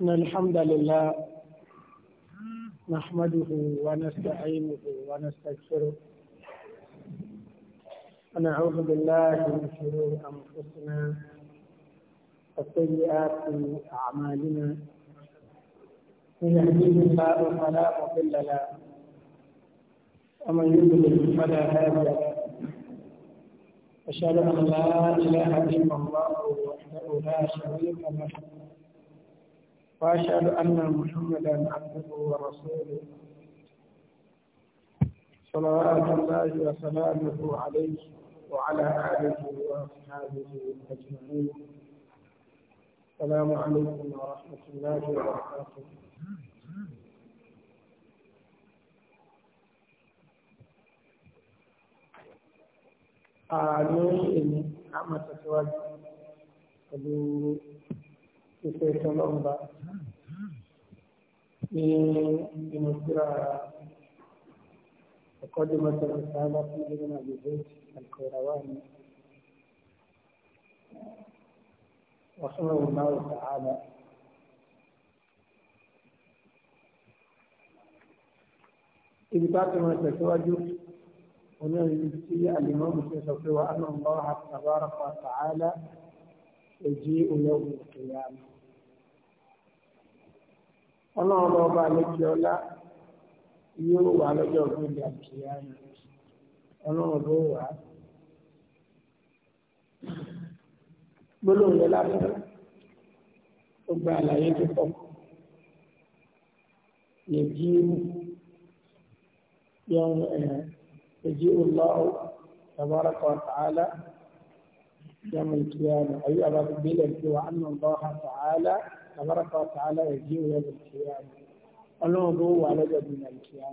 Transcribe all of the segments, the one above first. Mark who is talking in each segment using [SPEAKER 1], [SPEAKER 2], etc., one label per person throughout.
[SPEAKER 1] إن الحمد لله نحمده ونستعينه ونستغفره ونعوذ بالله من شرور أنفسنا وسيئات أعمالنا من يهديه الله فلا مضل له ومن يضلل فلا هادي له أشهد أن لا إله إلا الله وحده لا شريك له وأشهد أن محمدا عبده ورسوله صلوات الله وسلامه عليه وعلى آله وأصحابه أجمعين السلام عليكم ورحمة الله وبركاته أعلم أن a máa أبو ìfẹ́ ìtọ́lọ́mba ní inú síra ẹ̀kọ́ dé mọ́tò ìsáábà fún ẹgbẹ́ náà lè dé àlùkòràwá ni. رحمه الله تعالى ibi tá a ti máa tẹ̀síwájú oní ìrísí àlìmọ́ òṣèṣọ́ pé wà á náà ń bá wà á tàbára pa tààlà èjì olóhùn ìyá mi. ọlọ́run ọba àlejò ọlá yóò wà lọ́jọ́ gbọ́dọ̀ àkìyá mi ọlọ́run ló wà á. gbólóhùn yẹn lásán ó gba àlàyé tó pọ̀ yẹ̀jì yọ̀n ẹ̀jì olóhùn tabaraka wa ta'ala. يوم القيامة أي أبا بلد وأن الله تعالى تبارك وتعالى يجيء يوم القيامة ọlọ́run ló wà lọ́jọ́ bí nàìjíríà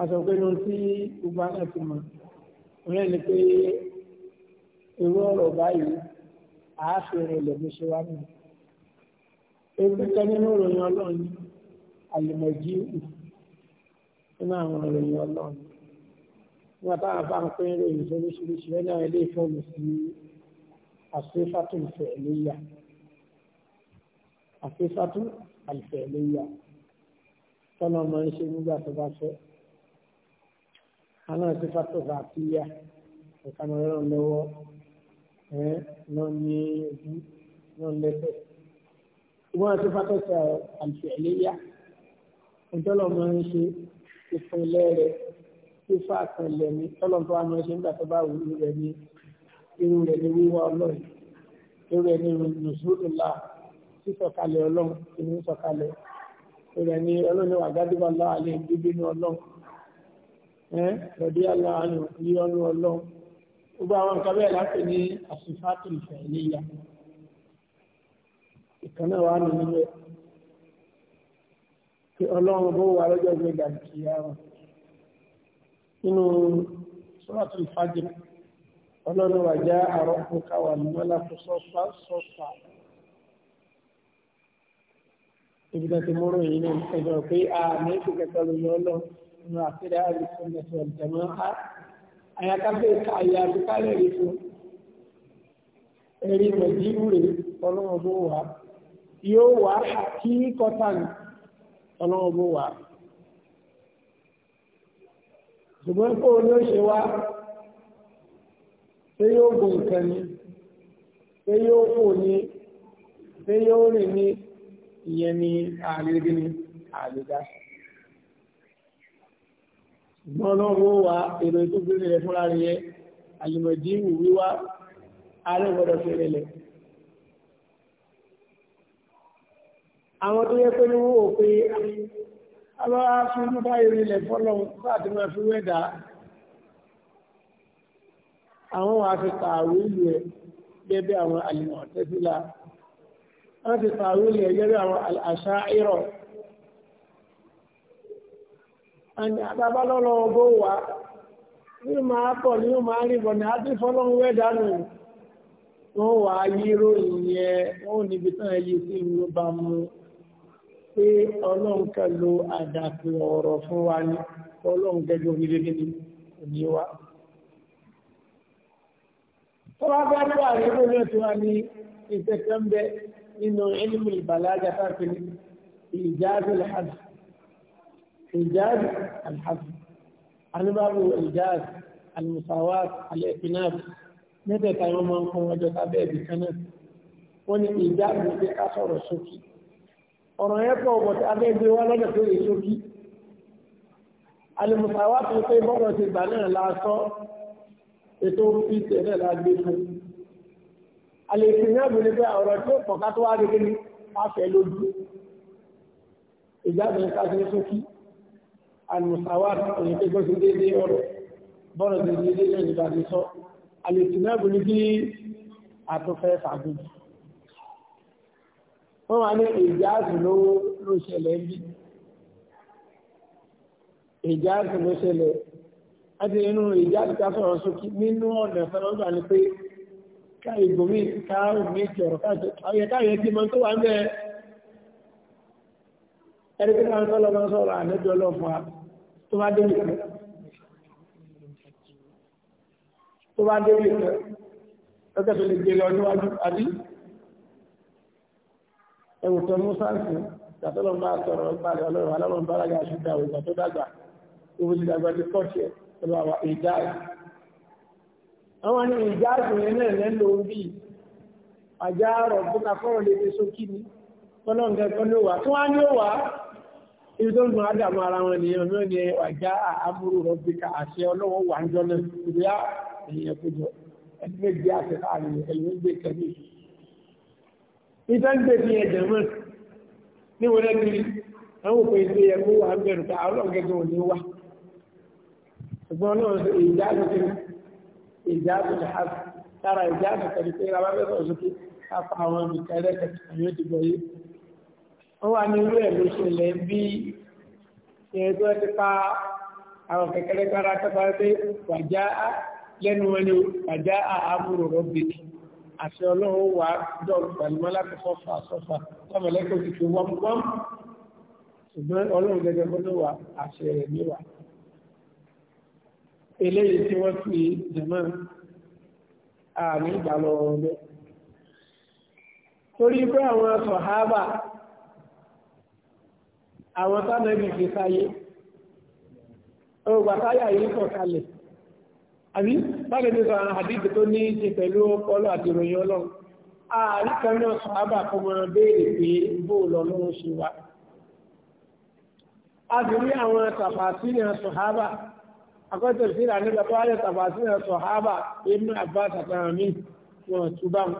[SPEAKER 1] a sọ pé ló sí gbogbo àwọn ẹ̀sìn mọ̀ òun ẹni pé irú ọ̀rọ̀ báyìí àáfin ilẹ̀ ṣe wá nù
[SPEAKER 2] ewúrẹ́kẹ́ nínú ìròyìn
[SPEAKER 1] ọlọ́run alimọ̀jí nínú àwọn ìròyìn ọlọ́run wọn táwọn ń pín lóyún lóríṣiríṣi lẹ́yìn àwọn ilé ìfọ́ọ̀mù sí àṣefàtò ìfẹ̀ẹ́lẹ́yà àṣefàtò àìfẹ̀ẹ́lẹ́yà tọ́nà ọmọ ń nígbà tó bá fẹ́ àwọn àṣefàtò àtìyà ìkànnì ọ̀rọ̀ lọ́wọ́ ẹ̀ náà ní ojú náà lẹ́sẹ̀ ìwọ́n àṣefàtò àìfẹ̀ẹ́lẹ́yà ìjọ́lọ́mọ ń ṣe ìpínlẹ̀ rẹ̀ fífa kan lẹ̀ ní tọ́lọ́mù tó wà máa ṣe nígbà tó bá wù ú rẹ̀ ní irú rẹ̀ ní wíwá ọlọ́run irú rẹ̀ ní nùsùlùmá sísọ̀kalẹ̀ ọlọ́run ìní sọ̀kalẹ̀ irú rẹ̀ ní ọlọ́run wà gádùbà láàlẹ́ bíbínú ọlọ́run ẹ́ lọ́dí aláàánú yíyọ́nú ọlọ́run gbogbo àwọn nǹkan bẹ́ẹ̀ láti ní àṣìfàtì ìfẹ́ níyà ìkànnà wà nínú rẹ̀ ọlọ́run bó wà lọ́jọ́ gbẹ̀gbà kìí nínú suratul fajr ọlọ́run wà já àrọ́kùn káwà lọ́lákù sọ́fà sọ́fà ibùdó ti múrò yìí ní ẹjọ́ pé a ní ìpìkẹta lóyún ọlọ́run nínú àfẹ́rẹ́ àríkún ẹ̀sẹ̀ ọ̀dẹ̀mọ́ a àyàkáfẹ́ àyà àbíkálẹ̀ rí fún ẹ̀rí mọ̀jíwù rẹ̀ ọlọ́run bó wà yóò wà kí kọ́tàn ọlọ́run bó wà ṣùgbọ́n kó o ní ó ṣe wá ṣé yóò gun nǹkan ni ṣé yóò fò ni ṣé yóò rìn ni ìyẹn ni àlejò ni àlejò ṣùgbọ́n ọlọ́run wa èrò ètò rẹ̀ fúnra rẹ̀ àlùmọ̀dí wíwá alẹ́ gbọ́dọ̀ fi lẹ̀. àwọn tó yẹ pé ní wọ́n ò pé alọ́wọ́ fi inú báyìí rinlẹ̀ fọ́lọ́hún láti máa fi wẹ́dà àwọn wà fi tààwé ìlú gẹ́gẹ́ àwọn àlìmọ̀ wọ́n ti tààwé ìlú ẹ gẹ́gẹ́ àwọn àṣà ìrọ̀ àni àtàbálọ́lọ́ ọgbó wa ní máa pọ̀ ní máa rí bọ̀nà àti wẹ́dà nù wọ́n wà á wọ́n níbi tán pé ọlọ́run kan lo àdàpè ọ̀rọ̀ fún wa ní ọlọ́run gẹ́gẹ́ orílẹ̀ ní òní wa. tó bá bá tó àríwó náà tó wá ní ìtẹ̀kẹ́ nínú ilmu ìbàlágà táàkì ìjáàbí alhàbí ìjáàbí alhàbí anúbàbò ìjáàbí almusawat alẹ́finab mẹ́tẹ̀ẹ̀ta wọn máa ń kọ́ ọjọ́ tábẹ́ẹ̀bì kan náà wọ́n ní ìjáàbí pé ká sọ̀rọ̀ sókè ọ̀rọ̀ yẹn pọ̀ bọ̀tí abẹ́gbé wá lọ́dọ̀ tó yẹ sókí alùmùsàwá tó pé bọ́rọ̀ ti gbà náà la sọ ètò fi tẹ̀lé la gbé fún alèsì náà bìí pé ọ̀rọ̀ tó pọ̀ ká tó wá di kí ni wá fẹ́ lójú ìjáde ká ṣe sókí alùmùsàwá tó yẹ pé gbọ́sí déédéé ọ̀rọ̀ bọ́rọ̀ ti déédéé náà nígbà tí sọ alèsì náà bìí kí àtúfẹ́ fàgbéjì wọ́n máa ní ìjáàsì ló ló ṣẹlẹ̀ bí ìjáàsì ló ṣẹlẹ̀ láti inú ìjáàsì ká sọ̀rọ̀ sókè nínú ọ̀nà ìfẹ́lọ́gbà ni pé ká ìgbòmí ká òmí ìjọ̀rọ̀ káyẹ káyẹ tí mo tó wà ń bẹ́ ẹni tí wọ́n tọ́lọ́ máa sọ̀rọ̀ àlejò ọlọ́fà tó bá débi kan tó lè gbé lọ níwájú àbí ẹwù tó mú sáǹsì ìgbàtọ́lọ́ bá sọ̀rọ̀ ìpàdé ọlọ́run alọ́run bá rága ṣùgbà ìgbà tó dàgbà ìwò ti dàgbà ti kọ́ọ̀tì ẹ̀ pẹ̀lú àwọn ìjáàjì àwọn ní ìjáàjì yẹn náà lẹ́lò bí àjá rọ̀ bóka fọ́rọ̀ lè fi sókí ni kọ́lọ́n kẹ́kọ́ ló wà tó wá ní ó wà ibi tó ń dùn ádámù ara wọn nìyẹn ló ní àjá àmúrò rọ̀ bí ká àṣẹ ọlọ́wọ́ wà ń jọ náà ìgbéyà èèyàn kó jọ ìdáǹgbẹ̀ ní ẹ̀jẹ̀ mọ́ ní wọ́n lẹ́gbẹ̀rẹ̀ àwọn òpin ilé ẹ̀kọ́ wà ń bẹ̀rù ká ọlọ́run gẹ́gẹ́ òní wá ṣùgbọ́n náà ìjáàbù ti ìjáàbù ti ha lára ìjáàbù tẹ̀lé pé ra bá bẹ́ẹ̀ sọ̀rọ̀ sókè káfà àwọn ìkẹrẹ́ kẹtìkà yóò ti gbọ́ yé wọ́n wà ní irú ẹ̀ ló ṣẹlẹ̀ bí ẹni tó ti pa àwọn kẹkẹrẹ kára kápá pé wàjá lẹ́nu wọn ni àti ọlọ́run wà dọ̀rọ̀ pẹ̀lú mọ́láka sọ́fà sọ́fà tọ́mọ̀lẹ́kọ̀ọ́ ti fi wọ́n wọ́n ṣùgbọ́n ọlọ́run gẹ́gẹ́ bó ló wà àṣẹ rẹ̀ níwà eléyìí tí wọ́n fi jẹ̀mọ́ àmì ìgbàlọ́ ọ̀rọ̀ torí pé àwọn sọ̀hábà àwọn tánàbì fi sáyé ó gbàtáyà yìí kọ̀ kalẹ̀ àbí báyìí ní sọ àwọn àdíjì tó ní ṣe pẹ̀lú ọpọlọ àti ìròyìn ọlọ́run ààrí kan náà sàábà kọmọ béèrè pé bó lọ lóhun ṣe wá a sì rí àwọn tàfàṣìlẹ̀ sọ̀hábà akọ́tẹ̀ sí ìlànà ìgbà tó wáyé tàfàṣìlẹ̀ sọ̀hábà inú àbá tàtàrà mi wọn túbà wọn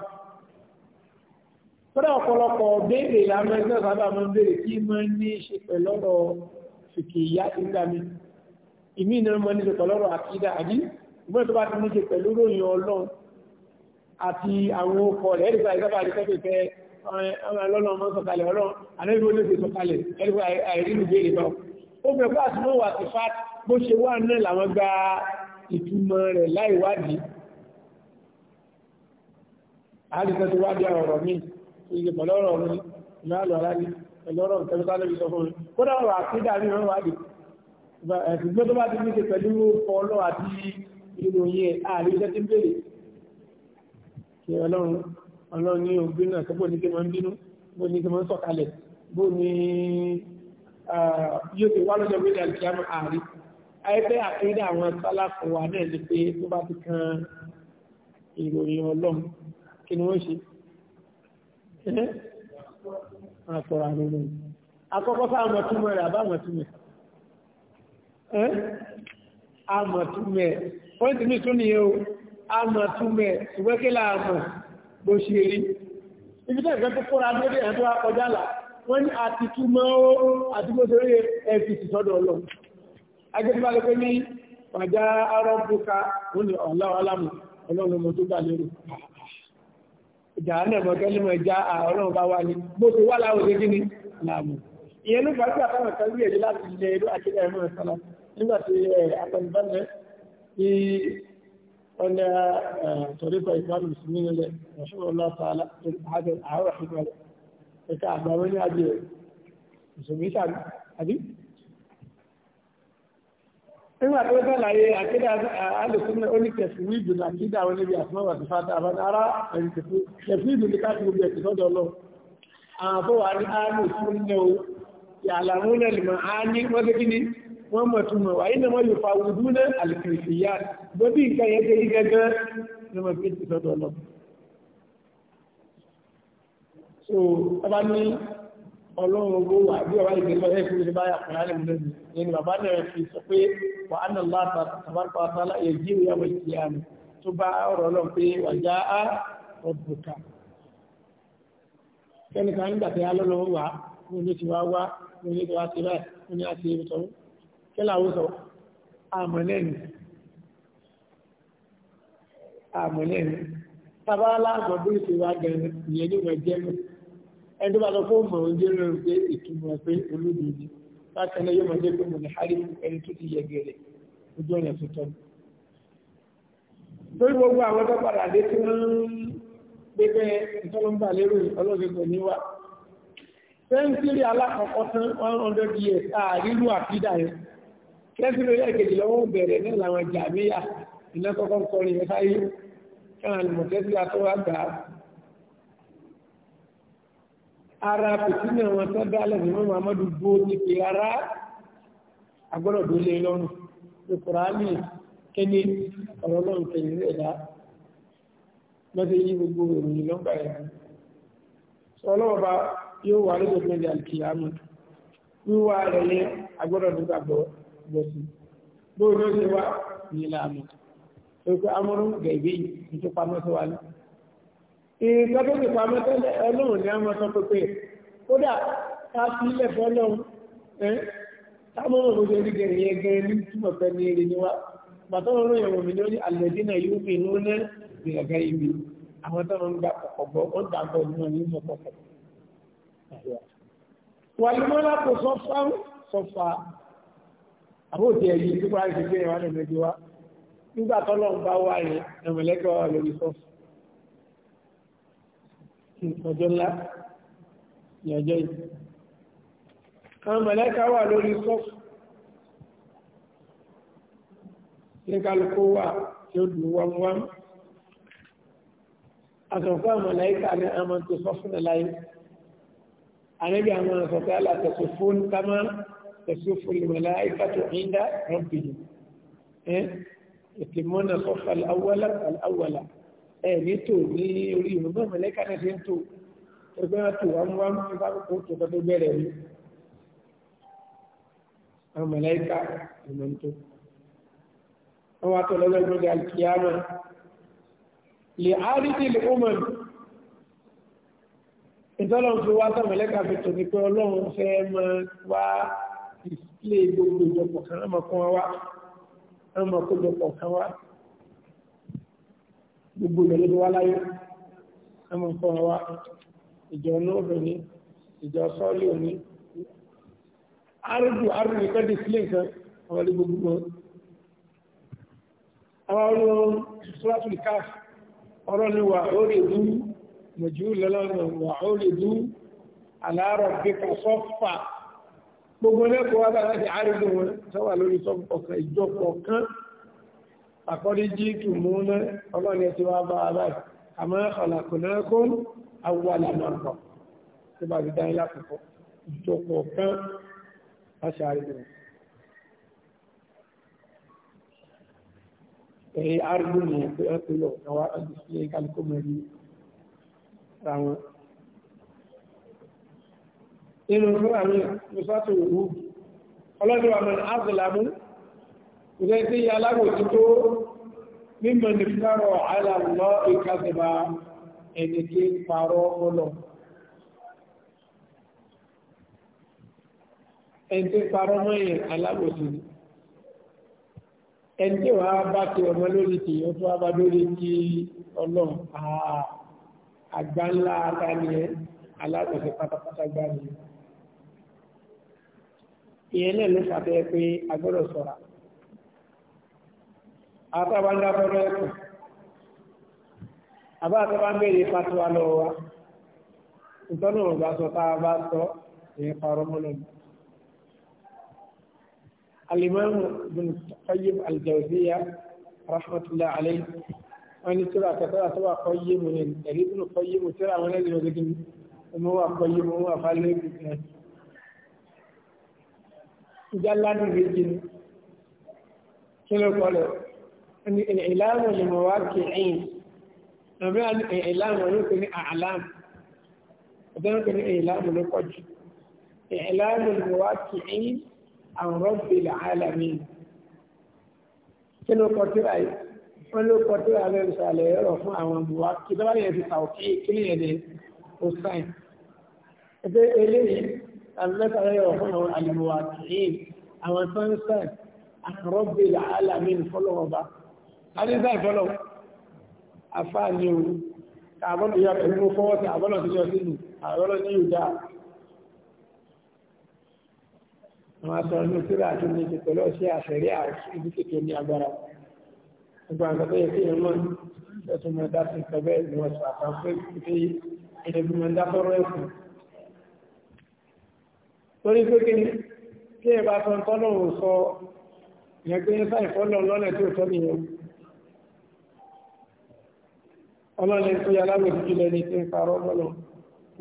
[SPEAKER 1] kódà ọ̀pọ̀lọpọ̀ béèrè ìlànà ìgbà sábà máa ń béèrè kí ṣùgbọ́n tó bá ti ní ṣe pẹ̀lú ròyìn ọlọ́run àti àwọn ọkọ̀ rẹ̀ ẹ̀rìgbà ìgbàbà àti pẹ́pẹ́pẹ́ ọlọ́run ọmọ sọ̀kalẹ̀ ọlọ́run àlẹ́gbẹ́ olóògbé sọ̀kalẹ̀ ẹ̀rìgbà àìrínú béèrè lọ ó bẹ̀ pé àti wọ́n wà sí fat bó ṣe wà náà làwọn gba ìtumọ̀ rẹ̀ láìwádìí àdìsẹ́ tó wádìí ọ̀rọ̀ mi ìgbè pẹ̀lọ́rọ̀ mi ìlọ́rọ̀ aláàbí pẹ̀lọ́rọ̀ tẹ́lifálẹ́bí sọ fún mi kódà ọ̀rọ̀ àti ìròyìn ẹ̀ ààrí iṣẹ́ tí ń bèèrè kí ọlọ́run ọlọ́run ní ògbín náà kẹ́bọ̀ ní kí wọ́n ń bínú bó ní kí wọ́n ń sọ̀kalẹ̀ bó ní yóò ti wá lọ́jọ́ gbé dàbí kíá ààrí ayẹyẹ àkéde àwọn sálàfù wa náà ni pé tó bá ti kan ìròyìn ọlọ́run kí ni wọ́n ṣe àtọ̀rọ̀ àrùn àkọ́kọ́ sáà mọ̀túmọ̀ rẹ̀ àbámọ̀túmọ̀ ẹ́ àmọ̀túmọ̀ pọ́ìntì mi tún ni o a mọ̀ túnmẹ̀ ìwẹ́kẹ́lá àmọ̀ bó ṣe rí ibi tẹ́ ìfẹ́ tó kóra lórí ẹ̀ tó wá kọjá là wọ́n ní àti túnmọ́ ó àti bó ṣe rí fct sọ́dọ̀ ọlọ́run agbẹ́tìbálẹ̀ pé ní pàjá arọ́bùka ó ní ọ̀lá ọlámù ọlọ́run mo tó ni làmù ìyẹn ló fà kan rí èdè láti ilẹ̀ ìlú àti ẹ̀rọ ìsọ́lá nígbà tí àpẹẹrẹ tí wọ́n dá tọ̀ríkọ̀ ìgbàlù sí nílẹ̀ ọ̀ṣọ́rọ̀lá tààlà àárọ̀ ìgbàlẹ̀ ẹ̀ka àgbàwẹ́ ní adìẹ ìṣòmí tàbí àbí nígbà tó sàlàyé àkídà alùsùnmọ̀ oníkẹ̀sì ní ìdùnnà àkídà àwọn níbi àtúnwà ti fata àbáta ara ẹ̀yìn kẹfì ìdùn ní káàkiri bí ẹ̀sìn lọ́dọ̀ lọ àwọn tó wà ní alùsùnmọ̀ ìyàlàmúnẹ̀lìmọ̀ á ní wọ́n wọ́n mọ̀ túnmọ̀ wà ní ọmọ yóò fa wùdú ní alìkìrìsìyà gbọ́bí nǹkan yẹn tẹ́lí gẹ́gẹ́ ní ọmọ bí ti sọ́dọ̀ lọ. so ọba ní ọlọ́run owó wà bí ọba ìgbé lọ ẹ̀kú ní báyà kùnà ní ìlú ní ẹni bàbá náà fi sọ pé wà á nà láta tàbárùkọ èjì ìyá wọ mi tó bá ọ̀rọ̀ lọ pé wà já á ọ̀bùkà. kẹ́nìkan nígbà tí alọ́lọ́wọ́ wà ní oníṣìwá wá ní oníṣìwá ti rẹ̀ ní àti ìrìtọ́wọ́ kí làwọn sọ àmọ̀lẹ́ni àmọ̀lẹ́ni tàbá láàgbọ̀ bí ìṣèwà gẹ̀rẹ̀ ìyẹn ní wọ́n jẹ́ mọ́ ẹni tó bá lọ fún mọ̀ oúnjẹ rẹ̀ pé ìtumọ̀ pé olódìí látẹ̀lẹ́ yóò máa jẹ́ pé mo ní hárí ẹni tó ti yẹ gẹ̀rẹ̀ ojú ọ̀nà tó tọ́ lórí gbogbo àwọn tó padà dé tí wọ́n ń gbégbé ìtọ́lọ́mbà lérò ọlọ́gbẹ̀gbẹ̀ níwá sẹ́ńtírì alákọ̀ọ́kọ́ tán 100 years ààrírú àfídà yẹn kẹ́sìlú lẹ́ẹ̀kejì lọ́wọ́ bẹ̀rẹ̀ náà làwọn jàmíyà iná kọ́kọ́ kọrin yẹn sáyé káwọn àlùmọ̀tẹ́sí àtọ́wà gbà á. ara pìtínà wọn tó dá lẹ́nu mọ́ muhammadu bó ti pè ara agbọ́dọ̀ tó lé e lọ́rùn ní kùránì kéde ọ̀rọ̀ náà kẹ̀yìn rẹ̀ dá lọ́sẹ̀ yí gbogbo ìròyìn lọ́gbà yẹn. sọ bá yóò wà lóṣù tó ń di àlùkìyàmù wíwá rẹ̀ yẹn agbọ́dọ̀ tó gbàgbọ́ jọ sí bó ló ṣe wá ní ìlànà pé amúrú gẹ̀gẹ́ yìí tó pamọ́ sí wa ní. ìkan tó ti pamọ́ tẹ́lẹ̀ ọlọ́run ní àmọ́ sọ pé kódà ká sí ilẹ̀ fọ́lọ́run ẹ́ táwọn ọmọ òṣèlú ti gẹ̀rẹ̀ yẹn gẹ̀rẹ̀ ní túmọ̀ pẹ́ ní eré ni wá bàtọ́ ọ̀rọ̀ ìrọ̀rùn mi lórí àlẹ́dínà yóò fi inú ní ìrẹ̀gẹ́ ibi àwọn tó ń gba ọ̀pọ̀ ó dàgbọ́ ní wọn nínú ọ̀pọ̀ wàlúmọ́lá kò sọ fáwọn sọ fà àbóòtí ẹ̀yí tí kúrò àìsí pé ìwà lẹ́nu ẹgbẹ́ wa nígbà tọ́lọ́ ń bá wá yẹn ẹ̀mọ̀lẹ́gbẹ́ wa lórí sọ́ọ̀sì ọjọ́ ńlá ní ọjọ́ yìí àwọn mọ̀lẹ́ka wà lórí sọ́ọ̀sì ní kálukú wà tí ó dùn wámúwámú àtọ̀fọ́ àmọ̀lẹ́ka ní àmọ́ tó sọ́ọ̀sì náà láyé àníbi àwọn àsọ̀tẹ́ alàtẹ̀sọ̀ fóònù kámẹ́rà تسوف الملائكة عند ربهم يتمون الصف الأول الأول ẹni tó ní orí ìrùn náà mẹ́lẹ́kà náà ṣe ń tó ẹgbẹ́ wọn tó wọn wọn wọn bá kó tó kó tó bẹ̀rẹ̀ ní àwọn mẹ́lẹ́kà ìmọ̀ ń tó wọn wá tó lọ́wọ́ ẹgbẹ́ ìgbà kìíyàmọ́ lè árídì lè ọmọ mi ìtọ́lọ́run fi wá sọ mẹ́lẹ́kà fi tò ní pé ọlọ́run fẹ́ máa wá lé gbogbo ìjọpọ̀ kan á máa kún wa wá á máa kó jọpọ̀ kan wá gbogbo ìrẹ̀lẹ́dọ̀ wá láyé á máa kún wa wá ìjọ nóòbì ni ìjọ sọ́ọ̀lì òní arúgbó arúgbó nìkan dìsílẹ̀ nǹkan àwọn ilé gbogbo wọn. àwọn ọlọ́run sọ́láṣùlì káàfì ọ̀rọ̀ ni wà ó lè dú mọ̀jú lọ́lọ́run wà ó lè dú àlàárọ̀ gbé kan sọ́fà gbogbo lẹ́kọ̀ọ́ wá bára ti àrídùn wọn sọ́wà lórí ọkàn ìjọpọ̀ kan àkọ́díjí tù mú ná ọlọ́ni ẹ̀ tí wá bá a báyìí àmọ́ ọ̀làkùnlẹ́kùn awọ àlàmọ̀pọ̀ tó bá ti dá ilá púpọ̀ ìjọpọ̀ kan láti àwọn àdìsílẹ̀ nínú fúlàní lùsàtò òwú ọlọ́dún àmì azìlámú ìrẹ́ tí yà aláwòtí tó mímọ̀ ní fúlàrọ̀ àìlàmọ́ ìkàzìbà ẹni tí ń parọ́ ọlọ́ ẹni tí ń parọ́ mọ́yìn aláwòtí ẹni tí wàá bá ti ọmọ lórí ti ó tó wá bá lórí ti ọlọ́run pátápátá gbá ìyẹn náà ló ṣàfihàn pé a gbọ́dọ̀ ṣọ́ra àtàwọn ń dábọ́dọ̀ ẹ̀kọ́ àbá àtàwọn ń lọ́wọ́ wa ìtọ́nà ọ̀gá sọ tá a bá sọ ìyẹn parọ́ mọ́lọ́mù الإمام ابن قيم الجوزية رحمة الله عليه أن ترى كترى سوى قيم من قريب قيم ترى من الذي هو قيم هو قيم jálánì méjì ni kí ló kọ́ lọ ni ìlànà lè mọ̀ wá kí ẹ̀yìn àbí ìlànà ló pe ní àlám ọ̀dọ́rọ̀ pe ní ìlànà ló pọ̀ jù ìlànà lè mọ̀ wá kí ẹ̀yìn àwọn rọ́bì làálàmì kí ló kọ́ yìí wọ́n ló kọ́ lẹ́nu sàlẹ̀ ẹ̀rọ fún àwọn àbúwá kí lọ́wọ́ yẹn ti tàwọ̀ kí kílíyẹn ní ọ̀sán ẹgbẹ́ eléyìí alẹ́kàrẹ́ ọ̀fún àwọn àlùmọ̀wà tìhìn àwọn sánsẹ̀ àrọ́bìlà alamin fọlọ́wọ́ba adéṣà ìfọlọ́ afáàní o àbọ̀lọ̀ ya pẹ̀lú mo fọwọ́ sí àbọ̀lọ̀ sí ọtí nù àbọ̀lọ̀ ní ìdá àwọn aṣọ inú síra àti ní ti pẹ̀lú ọṣẹ àṣẹrí àti kékeré ní agbára gbogbo àgbàdo yẹ kí èèyàn mọ̀ ẹ̀tún mọ̀ dá sí ìkẹ́bẹ́ ìwọ̀sùn àtàkùn ìdẹ́gbẹ̀mọ̀ dá fọ́rọ̀ ẹ̀sùn torí pé kí ni kí ẹ bá sọ tọ́lọ̀ ò sọ yẹn pé yẹn sáì fọ́lọ̀ lọ́nà tí ò tọ́ nìyẹn ọlọ́lẹ̀ tó yà lábòsí jùlọ ní ti ń parọ́ mọ́lọ̀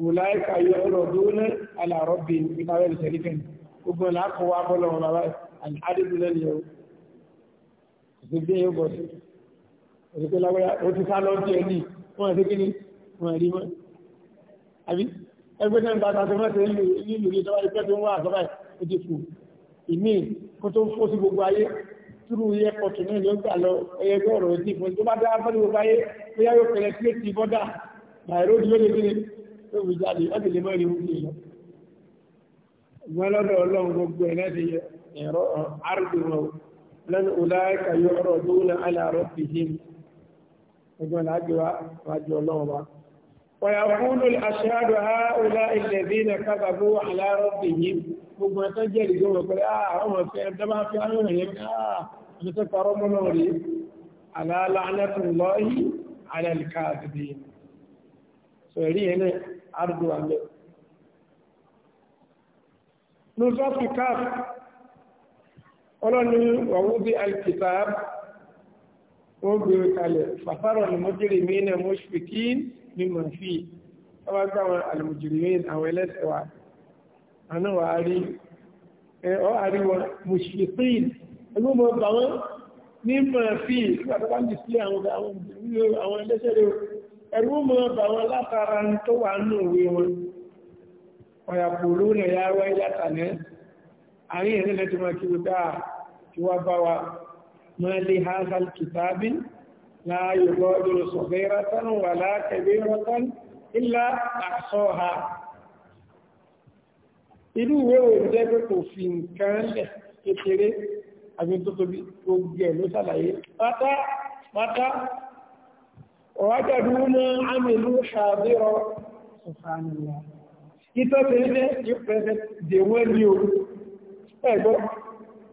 [SPEAKER 1] wò láì kàyọ ọ̀rọ̀ dúró àlàrọ̀ bí ìpàwẹ́ ìṣẹ̀lífẹ̀ẹ́ gbogbo làákò wá bọ́lọ̀ wọn bàbá àdìgúnlẹ̀ ni o kò gbé yóò bọ̀ ẹgbẹ́ tẹ́ ń gba àtàtà mẹ́ta nílùú ilé ìjọba ìpẹ́ tó ń wá àtọ́bà èdè ìmí kó tó fó sí gbogbo ayé túrú iye pọ̀tù náà ló ń lọ ẹyẹ bí ọ̀rọ̀ òdì fún tó bá dá fọ́lú gbogbo ayé bóyá yóò pẹ̀lẹ́ sí ètì bọ́dà nàìróòdì ló lè gbé tó fi jáde láti lè mọ́rin wúlò lọ. gbọ́nlọ́dọ̀ ọlọ́run gbogbo ẹ̀ ẹ̀rọ àrùbí ويقول الأشهاد هؤلاء الذين كذبوا على ربهم gbogbo ẹ̀tọ́ jẹ́ ìjọ rẹ̀ pẹ̀lú àwọn ọ̀fẹ́ ẹ̀dọ́bá fi àwọn èèyàn ní tó parọ́ mọ́nà rí aláàlá anẹ́tùnlọ́yí alẹ́lìká àdìdì so rí ẹni àrùdù alẹ́ lóòsọ́fì káàf ọlọ́ni wàwúbí alkitab wọ́n gbèrò kalẹ̀ fàfàrọ̀ àlùmọ́jìrì mí náà mọ́ ṣùkí ní mọ̀ fi ọba gbà wọn àlùmọ́jìrì mí àwọn ẹlẹ́sẹ̀ wa àná wà á rí ọ àrí wọn mọ̀ ṣùkí bà wọ́n ní mọ̀ fi nígbà tó àwọn ẹlẹ́sẹ̀ rẹ̀ bà wọ́n látara ما لهذا الكتاب لا يغادر صغيرة ولا كبيرة إلا أحصاها irú ìwé òun jẹ́ pé kò fi nǹkan lẹ̀ kékeré àbí tó tóbi gbogbo ẹ̀ ló ṣàlàyé pátá pátá ọ̀wájàdú mú àmìlú ṣàbírọ̀ ṣùfàánìyà ìtọ́tẹ̀lẹ́ ìpẹ̀sẹ̀ dèwọ́n ní o ẹ̀gbọ́n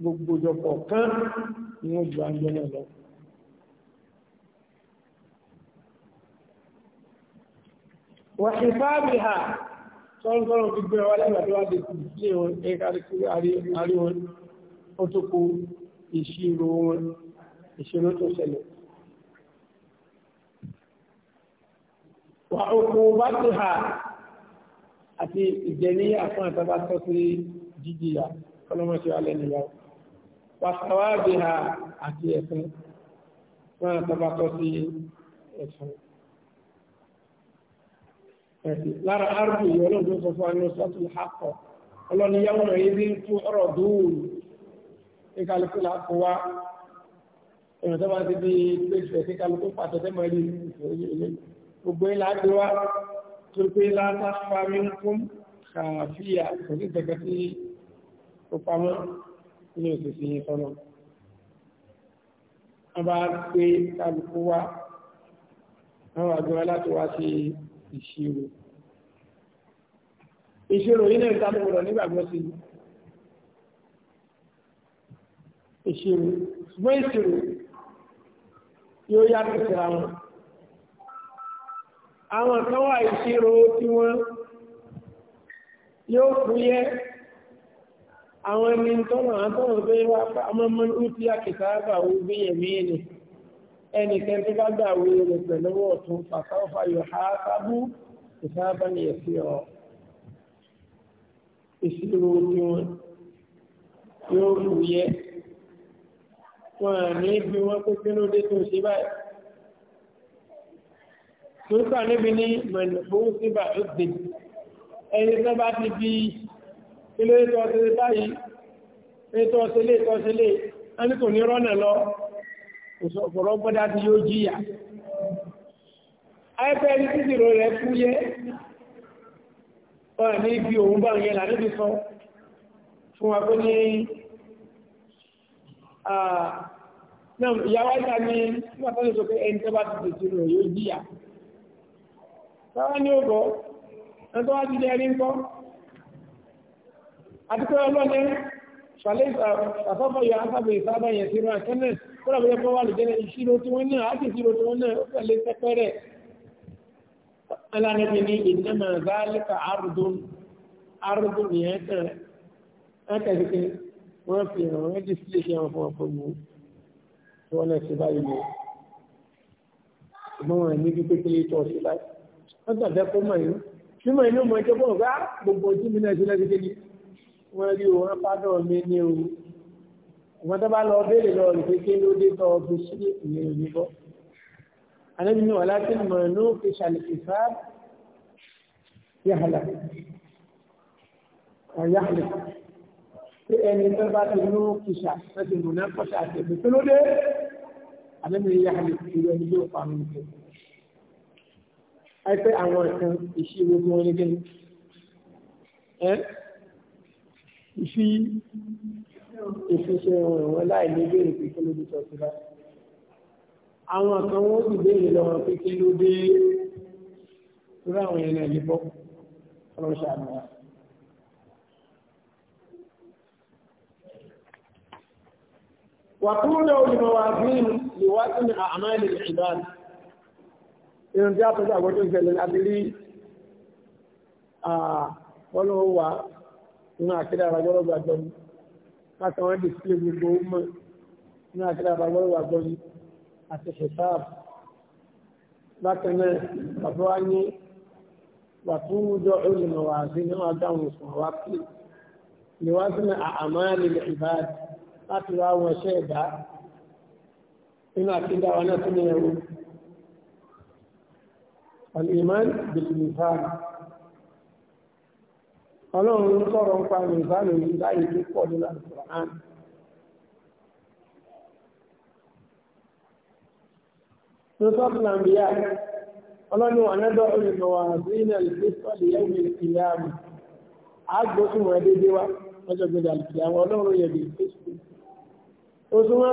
[SPEAKER 1] gbogbo ìjọpọ̀ kan ni wọ́n ju àjọ náà lọ. wàṣífáàbì ha sọ́rọ̀sọ́rọ̀ fi gbé wa lẹ́gbàá tó wá di ilé wọn ẹ̀káríkú àrí wọn ó tó kó ìṣirò wọn ìṣirò tó ṣẹlẹ̀. wà òkú bá ti ha àti ìjẹníyà fún àtàbátọ́ sí jíjìyà ọlọ́mọṣẹ́ alẹ́ nìyàwó wàtàwà bí ha àti ẹ̀sìn náà tọ́bátọ́ sí ẹ̀sìn ẹ̀sìn lára arúgbó yìí ọlọ́run sọ fún àwọn ọ̀sọ́tún àkọ́ ọlọ́run yàwó rẹ̀ yìí ń tún ọ̀rọ̀ dùn ní kálukú làkó wá èèyàn tó bá ti di péjì ẹ̀ sí kálukú pàṣẹ tẹ́mọ̀ rí gbogbo ilá gbé wá tó gbé ilá sáfà ń kún kàáfíà kò sí ìtẹ̀kẹ́ sí ó ní òṣèṣì yìí sọ́nà wọ́n bá pé kálukú wá àwọn àjọra láti wá sí ìṣirò ìṣirò yìí náà ìta lọ́wọ́ nígbàgbọ́ sí ìṣirò ṣùgbọ́n ìṣirò yóò yàtọ̀ sí àwọn àwọn kan wà ìṣirò tí wọ́n yóò fúyẹ́ àwọn ẹni tọ́nà àtọ́nà pé wá pa ọmọ ọmọ ìrútí àkìtàbà ó gbé yẹ̀mí ẹni ẹnìkan tó bá gbà wé rẹ̀ pẹ̀lú ọ̀tún fàkọ́fà yóò ha sábú ìsáábà ní ẹ̀sí ọ ìṣirò tí wọn yóò fú yẹ wọn à ní bí wọn pé kí ló dé tó ṣe báyìí tó kà níbi ní mẹ̀lẹ́fọ́ síbà ó dé ẹni tó bá ti bí ilé ètò ọ̀sẹ̀lẹ̀ báyìí ètò ọ̀sẹ̀lẹ̀ ètò ọ̀sẹ̀lẹ̀ ẹni kò ní rọ́nà lọ ọ̀pọ̀rọ̀ gbọ́dá tí yóò jíyà ayẹ́fẹ́ ẹni títì rò rẹ̀ fún yẹ́ wọ́n ní ibi òun bá yẹ lànàbí sọ fún wa pé ní ìyàwó ẹ̀ta ni wọ́n tọ́lẹ̀ sọ pé ẹni tẹ́ bá ti tètè rẹ̀ yóò jíyà sáwọn ní ó bọ́ ẹni tó wá ti jẹ́ rí ń kọ́ àdúgbò ọlọ́ni ṣàlẹ́ àfọ́fọ́ yọ afábẹ̀ ìsábà yẹn ti rán àtẹ́nẹ̀ kúrò bẹ́ẹ̀ bọ́ wà lè jẹ́ ìṣirò tí wọ́n náà àti ìṣirò tí wọ́n náà ó fẹ́ lé sẹ́pẹ́rẹ́ alánàbí ní ìnáma záálíkà àrùdùn àrùdùn yẹn kan ẹ̀kẹ́kẹ́ wọ́n fi hàn wọ́n ti sílé ṣe àwọn fọwọ́ fún mi náà ṣe báyìí wọ́n rí o wọ́n pádọ̀ mi ní o wọ́n tó bá lọ béèrè lọ rè pé kí ló dé tọ́ fi sí ìyẹn òní bọ́. àlejò ní wàhálà tí mo ní ó fi ṣàlùkì sáà yàhálà ọ̀yàhálà pé ẹni tó bá ti ní ó fi ṣàṣẹ́sì múná kọ́ṣà àti ẹ̀mí tó ló dé àlejò ní yàhálà ìlú ẹni yóò pa mi nìkan. àìpé àwọn ìṣirò fún wọn ní kí ni ìfi ìfisẹ̀ ohun ìwọ̀n láì ní béèrè pé kí ló dé sọ sí bá. Àwọn kan wọ́n sì béèrè lọ́wọ́ pé kí ló dé lórí àwọn ẹ̀rìn ẹ̀lẹ́ bọ́ ọlọ́run ṣàmì wa. Wàtúndà olùmọ̀wà fún ìwádìí ní àmà ilẹ̀ ìbáàdì. Irun tí a tọ́jú àgbọ́jọ́ ìṣẹ̀lẹ̀ láti rí ọlọ́wọ́ nínú àkídà àbájọ́rọ̀ gbàgbọ́ ni láti wọ́n dì sí gbogbo mọ́ nínú àkídà àbájọ́rọ̀ gbàgbọ́ ni àti ṣẹ̀sáàb bákan náà bàbá wa ní wàtúwùjọ olùmọ̀ wà sí ní wọn wá ní ẹ̀rọ الإيمان بالميزان ọlọ́run ń sọ̀rọ̀ ń pa mìsánù yìí láyé tó pọ̀ nínú àkùrán lọ́sọ̀tún àbíyá ọlọ́run ànádọ́ olùmọ̀wà àbúrínà lẹ́sọ̀ lè yẹ wí ìyáàmù ọlọ́run yẹ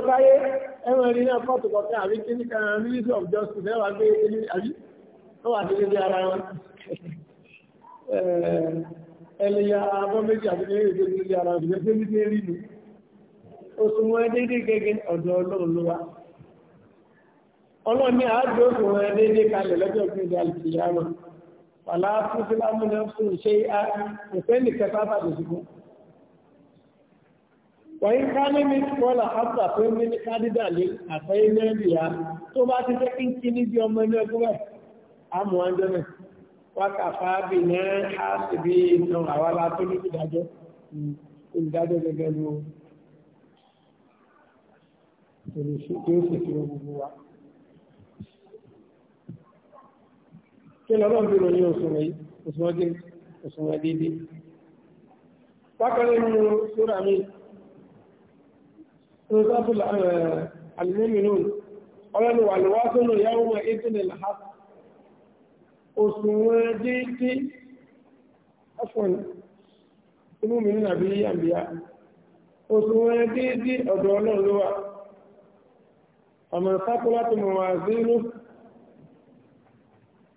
[SPEAKER 1] káyé náà kọ́ọ̀tù kọ̀ọ̀kan àbí kí ministry of justice gbé ẹni àbí wà sí ilé ara wọn ẹlẹ́yà abọ́ méjì àti ẹ̀rẹ́dẹ́ lórí ara òṣìṣẹ́ tó ní rí nù òṣùwọ̀n ẹdẹ́dẹ́ gẹ́gẹ́ ọ̀dọ̀ ọlọ́run ló ọlọ́run ní àádọ́ wákàfà bì ní àṣìbí ìtàn àwa la tó ní ìdájọ́ hmm. olùdájọ́ gẹ́gẹ́ ló yóò ṣètò gbogbo wa. kí lọ́nà bí ròyìn òṣùwọ̀n yìí òṣùwọ̀n dé òṣùwọ̀n dédé. wákàlẹ́ nínú sóra mi ń sọ́tò àlùmọ́mì náà ọlọ́run wà lọ́wọ́ sọ́nà yàwó ìdílé làásù òṣùwọ̀n dídí afọ́n inú mi nínú àbí yàmbíyá òṣùwọ̀n dídí ọ̀dọ̀ ọlọ́run ló wà ọmọ ìsákó láti mọ̀ wá sí inú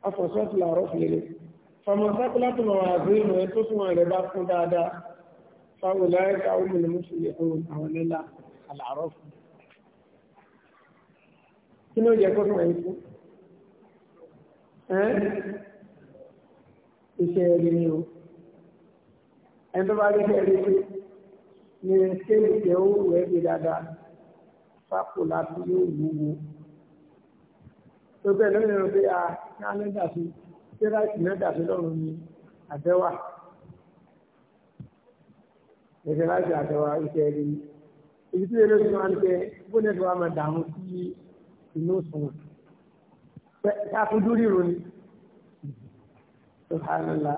[SPEAKER 1] afọ̀sọ́tì làárọ̀ fìlẹ̀ ọmọ ìsákó láti mọ̀ wá sí inú ẹ tó súnmọ́ rẹ̀ bá fún dáadáa fáwọn ìlàyé káwọn mìíràn mú fún àwọn nílà àlàárọ̀ fún kí ló yẹ kó fún ẹ̀yìn fún iṣẹ́ ẹ̀rí ni o ẹni tó bá rí iṣẹ́ ẹ̀rí pé ní kéèlì tẹ ó wẹ̀ gbé dáadáa sápò láti yóò wúwo tó bẹ́ẹ̀ lónìí rẹ̀ pé a náà ní dàbí sẹ́ráìtì náà dàbí lọ́rùn ni àtẹ́wà ẹ̀sẹ̀ láti àtẹ́wà iṣẹ́ ẹ̀rí ni ibi tí èrè oṣù máa ń tẹ bónẹ́tì wa máa dààmú sí inú òṣùwọ̀n ṣàfojú ríro ni ṣùhánàlá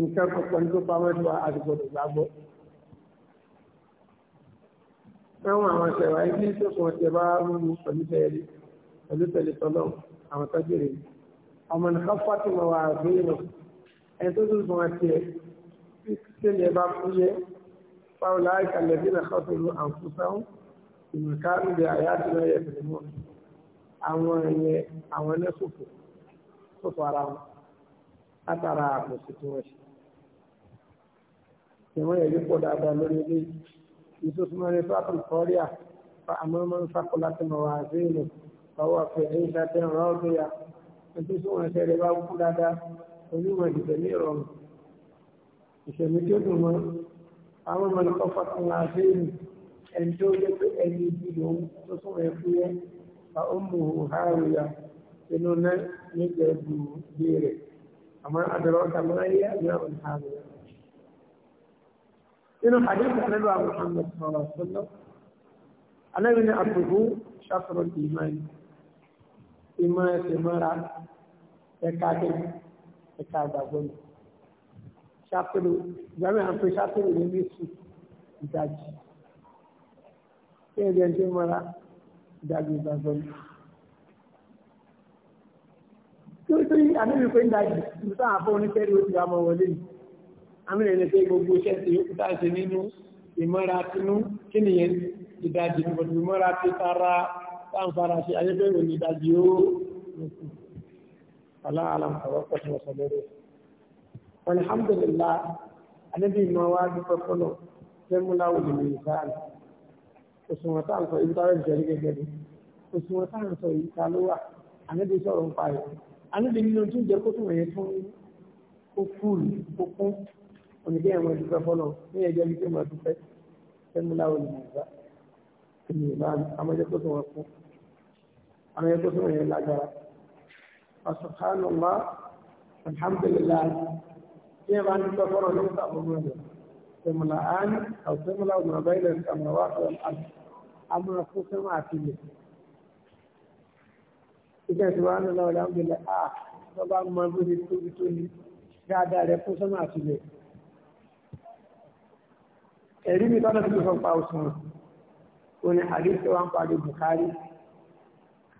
[SPEAKER 1] nǹkan kọ̀ọ̀kan ní tó pamọ́ tó àdúgbò tó gbàgbọ́. Àwọn àwọn ṣẹ̀wá ibi tó kàn ṣe bá rúru pẹ̀lú tẹ̀lé pẹ̀lú tẹ̀lé tọ́lọ́ àwọn tọ́jú rẹ̀. Ọmọ nìkan fàtìmọ̀ wà àgbéyìnà ẹni tó tún fún àti ẹ̀ tẹ́lẹ̀ bá kú yẹ fáwọn láìka lẹ́bí nà kọ́tùrú àǹfùsáwọn ìmọ̀ká níbi àyájọ́ yẹ̀ pẹ̀lú mọ́ni àwọn ẹ̀yẹ àwọn ẹlẹ́sòfò sòfò ara wọn látara àbòsí tí wọ́n ṣe. ìwọ̀n ẹ̀rí pọ̀ dáadáa lórí ilé ìsòsúnmọ́rin fákùn kọ́ríà fa àmọ́mọ́ ń fákùn láti mọ̀ wá sí ìlú ọwọ́ pẹ̀ ní ìdájẹ́ ọ̀rọ̀ ọ̀gbìn yà ẹtí tí wọ́n ṣẹlẹ̀ bá kú dáadáa onímọ̀ ìdìbò ní ìrọ̀rùn ìṣẹ̀mí tí ó dùn mọ́ àwọn ọmọ nìkan fákùn wá sí ìlú ẹni tó yẹ pé ẹni ìdí فأمه هاوية إنه نجد بيره أما أدراك ما هي نار هاوية إنه حديث عن النبي محمد صلى الله عليه وسلم أنا من أطلبه شطر الإيمان إما سمارة تكاتل تكاتل أقول ìgbàmí à ń pe ṣàpèrò ní méjì ìdajì kí ẹ̀jẹ̀ dájú ìgbàgbọ́ ni. tí ó tó yí àdébí pé ń da ìgbà àfọ oníṣẹ́rí ó ti wá mọ wọlé yìí àmì rẹ̀ ni pé gbogbo iṣẹ́ ti yókù tá a ṣe nínú ìmọ̀ra tinú kí nìyẹn ìdajì ìbọ̀dù ìmọ̀ra ti tara táǹfàrà ṣe ayébẹ̀rẹ̀ ní ìdajì ó aláàlá ọ̀rọ̀ pẹ̀lú ọ̀sẹ̀ lẹ́rẹ̀. alhamdulillah àdébí ìmọ̀ wa dúpẹ́ fọlọ́ fẹ́múláwò lè mú ìsáàlì òṣùwọ̀n tá à ń sọ ibi táwọn ìjọ ní gẹ́gẹ́ ni òṣùwọ̀n tá à ń sọ yìí ta ló wà àníbi sọ̀rọ̀ ń pa rẹ̀ àníbi nínú tó jẹ́ kó tún wọ̀nyẹn fún ó fúlù ó kún onígbé ẹ̀wọ̀n dúpẹ́ fọ́nà ní ẹjọ́ ní pé màá dúpẹ́ ẹnu láwọn olùmọ̀ọ́gbà èmi ìbá amọ́jẹ́ kó tún wọn fún amọ́jẹ́ kó tún wọ̀nyẹn lágbára alhamdulillah tí ẹ bá ń سملان أو سملا ما بين السماوات والأرض أما خصم عتيلة إذا سبحان الله والحمد لله آه طبعا ما بده تقول تقول قاعد على خصم عتيلة ẹ̀rí mi tọ́lá tó fọ́n pa òsùn ò ní àdíṣẹ́ wa ń parí Bukhari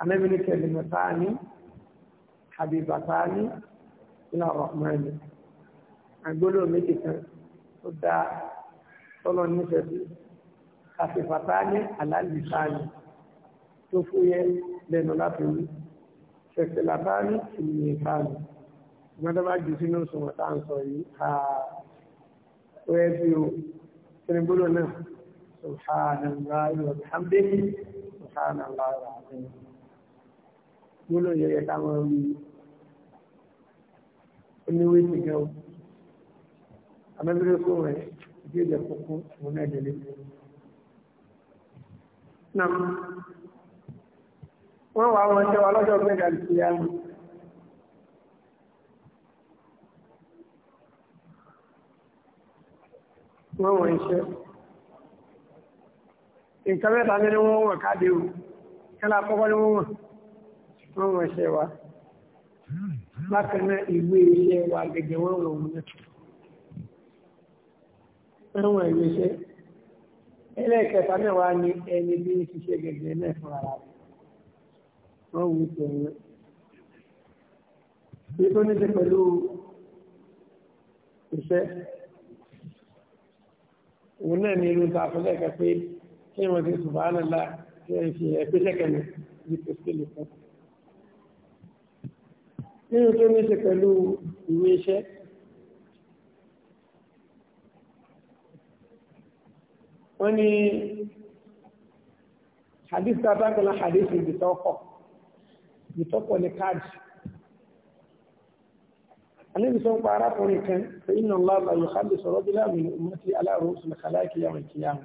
[SPEAKER 1] anábìnrin kẹlẹ̀ mẹ́ta ní habibata ní ilá ọ̀rọ̀ mẹ́rin àgbóló méjì kan tó dáa tọ́lọ́ nífẹ̀ẹ́ sí àfẹ́fàtà ní àlálìfà ní tó fúyẹ́ lẹ́nu láti rí ṣẹ̀ṣẹ̀làbá ní ìmìnira ní gbọ́dọ̀ bá jù sínú òṣùwọ̀n tá à ń sọ yìí ó yẹ bí o tìrìbùlò náà subhanallahi wa bihamdihi subhanallahi alazim gbọ́dọ̀ yẹ amẹ́bílẹ̀ kó rẹ̀ ìdí ilẹ̀ kókó òun náà lè lépo. Nà wọ́n wà wọn ṣe wa lọ́jọ́ gbẹ̀dà sí àmì. Wọ́n wọ̀ iṣẹ́. Nǹkan mẹ́ta ní wọ́n wọ̀ káde o. Kẹ́lá àkọ́kọ́ ni wọ́n wọ̀. Wọ́n wọ̀ iṣẹ́ wa. Bákan náà ìwé iṣẹ́ wa gẹ́gẹ́ wọ́n wọ̀ òun náà àwọn ìgbésẹ̀ ẹlẹ́ẹ̀kẹta náà wá ní ẹni bí ń ṣiṣẹ́ gẹ̀gẹ̀ náà fún ara rẹ̀ wọ́n wù ú tẹ̀wọ́n bí tó ní ṣe pẹ̀lú iṣẹ́ òun náà ní irú ta àfẹ́lẹ́kẹ̀ pé kí wọ́n ti sùn bá lọ́la kí wọ́n wọ́n ní hadith tata kan náà hadith ìbìtọ́kọ̀ ìbìtọ́kọ̀ ní káàdì alẹ́bí sọ ń pa arákùnrin kan pé iná ńlá bá yóò kálí sọ̀rọ̀ bí láàmì ìmọ̀tí aláàrọ̀sùn kàláàkì yàwọn ìkìyàmù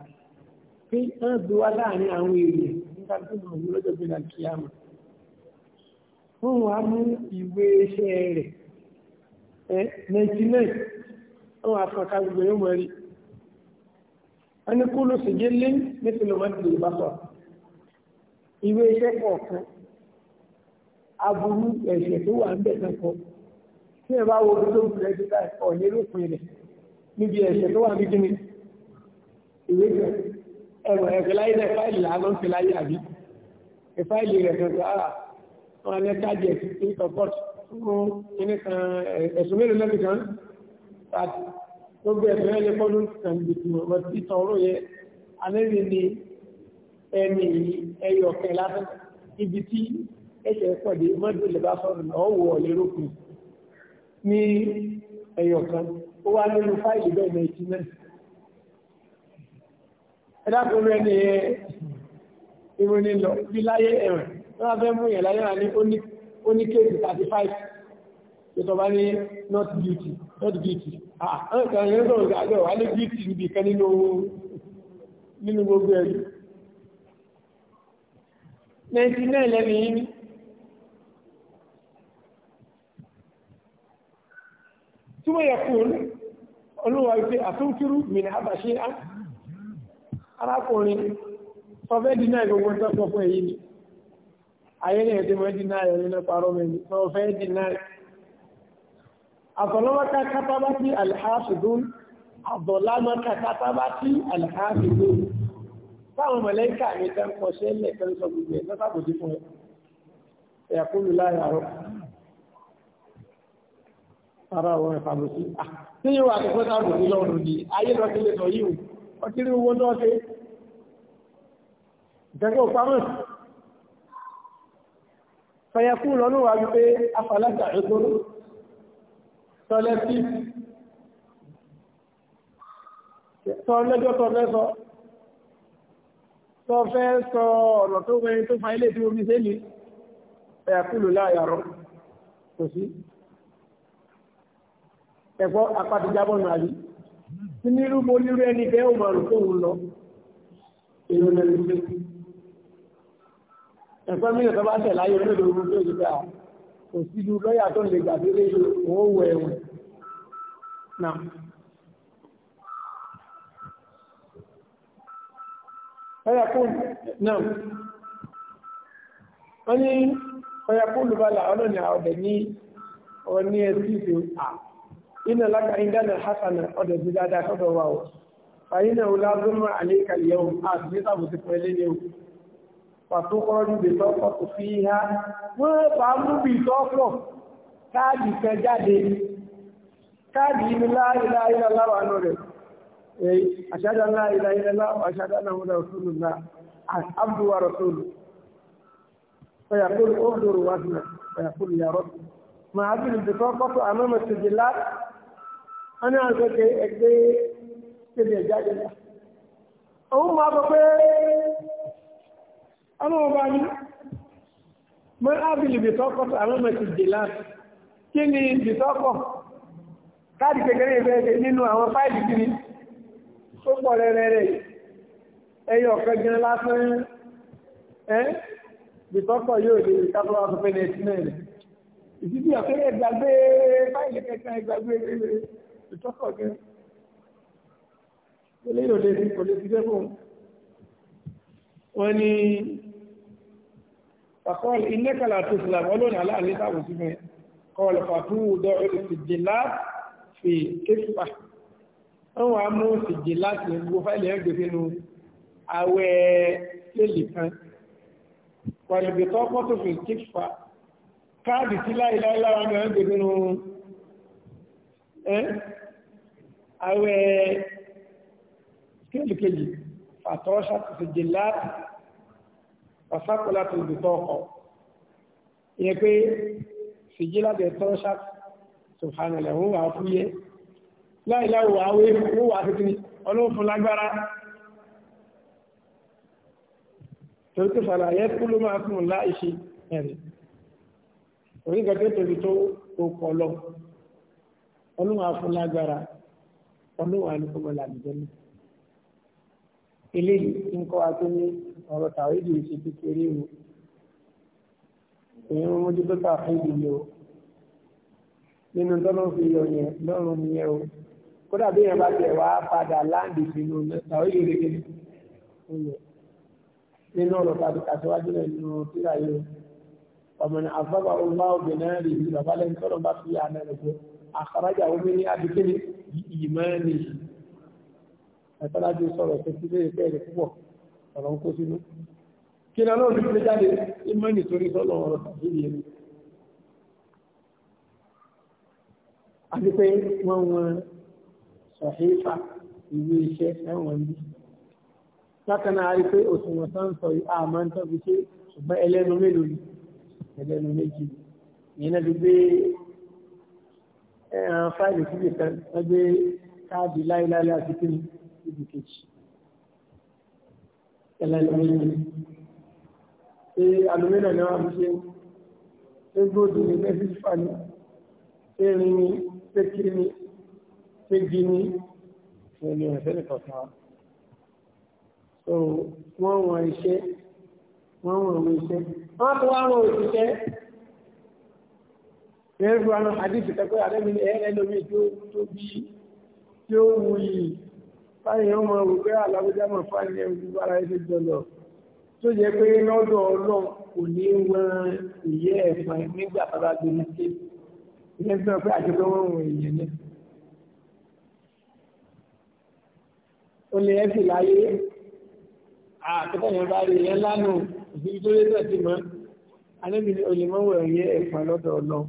[SPEAKER 1] pé wọ́n bí wá láàrin àwọn èèyàn nígbà tó mọ̀ ní lọ́jọ́ bí láàmì ìkìyàmù wọ́n wá mú ìwé iṣẹ́ rẹ̀ 99 wọ́n wá fọ́n ká gbogbo yóò mọ̀ rí wọ́n ní kúlù sìgílì ní kìlómítì ìbáfọ̀ ìwé iṣẹ́ kọ̀ọ̀kan aburú ẹ̀ṣẹ̀ tó wà ń bẹ̀ kankan tí ẹ bá wo ojú tó gbìyànjú ti ká ẹ̀kọ́ ní lópin rẹ̀ níbi ẹ̀ṣẹ̀ tó wà bíi kíni ìwé jẹ ẹ̀rọ ẹ̀fẹ̀ láyé náà fáìlì làánú ti láyé àbí ìfáìlì rẹ̀ kankan ara wọn ní káàdì ẹ̀sìn tó ń sọpọ́t fún ẹ̀sùn mélòó lẹ́nu kan gbogbo ẹ̀bẹ̀ ẹ̀lẹ́ kọ́ ló ń kàn gbèsè ọ̀rọ̀ títàn ọ̀rọ̀ yẹ anẹ́rẹ́ ni ẹni ẹyọ ọ̀kẹ́ lásán ibi tí ẹsẹ̀ pọ̀dé mọ́dé lè bá sọ̀rọ̀ náà wọ̀ ọ̀lẹ́rọ̀ kù ní ẹyọ kan ó wá nínú fáìlì bẹ́ẹ̀ náà ìtì náà ẹ dákun rẹ ni ẹ ìròyìn lọ bí láyé ẹ̀rẹ̀ wọ́n fẹ́ mú yẹn láyé rà ní oníkéèdì 35 tó ní not guilty not guilty ah, àwọn ìkan yẹn sọ̀rọ̀ ìgbàjọ́ wà ní guilty níbi ìkan nínú gbogbo ẹ̀rí 99 lẹ́nu yìí ní tí wọ́n yẹ fún olúwa ìpé àtúnkírú mìíràn àbàṣe á arákùnrin sọfẹ́ dínà ìgbogbo tọ́pọ̀ fún èyí ni ayé ní ẹ̀tẹ́mọ́ dínà ẹ̀rẹ́ nípa sọfẹ́ dínà ẹ̀rẹ́ àbọ̀lọ́mọ́ta kátábátí alhafidun àbọ̀lámọ́ta kátábátí alhafidun táwọn mọ̀lẹ́kà ní tẹ́ǹkọ́ sẹ́lẹ̀ tẹ́ sọ gbogbo ẹ̀ lọ́tàbò tí fún ẹ̀kúlù láàárọ̀ ara àwọn ìfàmùsí ah, tí yíò àtẹ́kọ́ tábò ní lọ́rùn ní ayé lọ sí lẹ́tọ̀ yíò ọtírí owó náà ṣe ìtẹ́kọ́ pamọ́ fẹ̀yẹ̀kú lọ́nà wà tọ́lẹ́tì sọ lẹ́jọ́ tó fẹ́ sọ tó fẹ́ sọ ọ̀rọ̀ tó wẹ́rin tó fa ilé tí omi sí ní ẹ̀kúlù láàyàrọ̀ kò sí ẹ̀kọ́ apátìjábọ̀ náà rí tí nírúgbó nírú ẹni bẹ́ ò mọ̀rún tó ń lọ èrò mí kò sí ju lọ́yà tó lè gbà délé òun wọ ẹ̀wọ̀n náà. fayakun náà wọ́n ní fayakun ló bá là ọ́nà ní ọ̀dẹ̀ ní ọ̀rọ̀ ní ẹ̀sí ìfẹ́ à iná lákà ìdáná hasana ọ̀dẹ̀ sí dáadáa sọ́dọ̀ wa o fàyínà ọlá gómìnà àlékalẹ̀ yẹn o àti ní sàbòsí fún ẹlẹ́yẹ o pàtó kọ́rọ́jú bètọ́ pọ̀ kò fi ha wọ́n bá mú bí tọ́pọ̀ káàdì kan jáde káàdì inú láìláìlá wàánú rẹ̀ àṣádá láìláìlá àṣádá náà wọ́n rẹ̀ òṣùlù náà abduwa rasulu fayakul ọdọ̀rọ̀ wájúmọ̀ fayakul yàrọ̀ ma a bí bètọ́ pọ̀tọ̀ àmọ́mọ̀ tìjìlá wọ́n ní àwọn ẹgbẹ́ ẹgbẹ́ tẹ̀lé jáde náà ọlọ́ọ̀bá ní mọ́ ábìlì bìtọ́kọ̀ àmọ́mẹ̀tì dìlá kí ni bìtọ́kọ̀ káàdì kékeré ìfẹ́ nínú àwọn fáìlì kiri tó pọ̀ rẹ̀rẹ̀ ẹyọ ọ̀kẹ́ gan lásán ẹ́ yóò di kápọ́lá fún fẹ́ ìdíbí ọ̀kẹ́ ẹgbàgbé fáìlì ọkẹrẹ ẹgbàgbé wọn ni فقال إنك لا تسلم ولون على أهل تعبسين قال فتوضع السجلات في كفة wọ́n wá mú ìjì láti gbogbo fáìlì ẹgbẹ̀ sínú àwẹ̀ lèlì kan pàlùbẹ̀tọ́ pọ́tòfin kífà káàdì tí láìláì lára ní ẹgbẹ̀ sínú àwẹ̀ kéèlì kejì fàtọ́ ṣàtìsìjì láti ọ̀sápọ̀lá tó lù tọ́ ọkọ̀ ìyẹn pé fìjìlá tẹ̀ tọ́ ṣáàtì subhanallah wọ́n wà fún yẹ láìláwò àwẹ́ wọ́n wà fún kí ọlọ́fún lágbára torí tó fàlà yẹ kú ló máa fún láìṣe ẹ̀rẹ̀ orígbàtẹ́ torí tó kòkò lọ ọlọ́wà fún lágbára ọlọ́wà ní kọmọlá àdìjẹ́ ní eléyìí ń kọ́ wa tó ní ọ̀rọ̀ tàwídì ṣe kékeré o èyí ń mójú tó tàwídì yìí o nínú tọ́lọ́ fi yọ yẹn lọ́rùn nìyẹn o kódà bí yẹn bá tẹ̀ wá padà láǹdì sínú tàwídì rẹ̀ kéde nínú ọ̀rọ̀ tàbí kàtíwájú rẹ̀ nínú tíra yìí o ọmọ ní àfọ́bà ọmọ obìnrin rẹ̀ yìí bàbá lẹ́nu tọ́lọ́ bá fi yà náà rẹ̀ pé omi ní adìkẹ́lẹ̀ ìmọ̀ ẹ̀ nìyí ẹ̀tọ́lájú sọ̀rọ̀ pé kí lè fẹ́ẹ̀rẹ̀ púpọ̀ ọ̀rọ̀ ń kó sínú kí ni ọlọ́run ti jáde ìmọ̀ nítorí sọ́lọ́ ọ̀rọ̀ tàbí ìyẹn àti pé wọ́n wọn sọ̀hífà ìwé iṣẹ́ ẹ̀wọ̀n ní bákan náà rí pé òṣùwọ̀n tó ń sọ àmọ́ ń tọ́bi ṣe ṣùgbọ́n ẹlẹ́nu mélòó ni ẹlẹ́nu méjì ìyẹn náà ti gbé ẹran fáìlì síbi kan wọ́n gbé káàdì láéláé àti kíni ibi kejì ẹlẹ́gbẹ̀ẹ́ ṣe alumina ni wọ́n fi ṣe góòdù ní mẹ́fífà ní ṣe rin ní ṣe kiri ní ṣe jí ní ṣe ní ọ̀sẹ̀ nìkan fún wa so wọ́n wọ̀n iṣẹ́ wọ́n wọ̀n wọ́n iṣẹ́ wọ́n tó wá wọ́n òṣìṣẹ́ ẹ̀rù àwọn àdìsí kẹ́kọ̀ọ́ àdẹ́mi ẹ̀rẹ́ lómi tó bí tí ó táyé ọmọ òwúgbẹ́ alábọ́já mọ̀ fáìlì ẹ̀rù gbára ẹ̀ṣẹ̀ jọlọ tó jẹ́ pé lọ́dọ̀ ọlọ́run kò ní wọn ìyẹ́ ẹ̀fọn nígbà bàbá gbé ní ké ilé ń sọ pé àjọpẹ́ wọn wọ èèyàn ní. ó lè ẹ̀sìn láyé àtẹ́tẹ́ yẹn bá rí ìyẹn lánàá òfin tó lé tẹ̀sí mọ́ alẹ́bí ni olèmọ́wọ̀ ẹ̀yẹ ẹ̀fọn lọ́dọ̀ ọlọ́run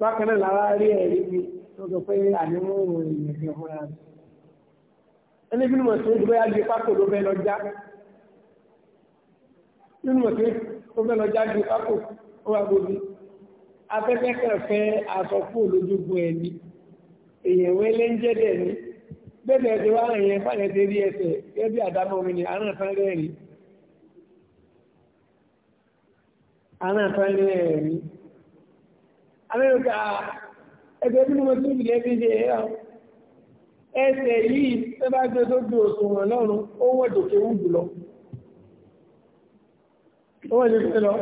[SPEAKER 1] bákan náà lára rí ẹ̀rí tó sọ pé àníwò ìrìnàjò fúnra rẹ̀. ẹni bí mo ṣe ń gbé agbe pákó ló fẹ́ lọ já nínú ọ̀sẹ̀ tó fẹ́ lọ já agbe pákó ó wà gbòdì afẹ́fẹ́ kẹfẹ́ àsọ̀kù lójúgbò ẹni èèyàn wẹ́lẹ́ ń jẹ́ dẹ̀ ni bẹ́ẹ̀ ti wá ẹ̀yẹn fáyẹ̀ ti rí ẹsẹ̀ gẹ́gẹ́ bí àdámọ́ mi ni àrùn kan rẹ̀ rí àrùn kan rẹ̀ rí ẹgbẹ́ bí mo tún ìgbẹ́ bí ṣe yẹ́ ẹsẹ̀ yìí tó bá gbé tó ju òṣùwọ̀n lọ́rùn ó wọ̀ dòkè wù jùlọ ó wọ̀ dòkè lọ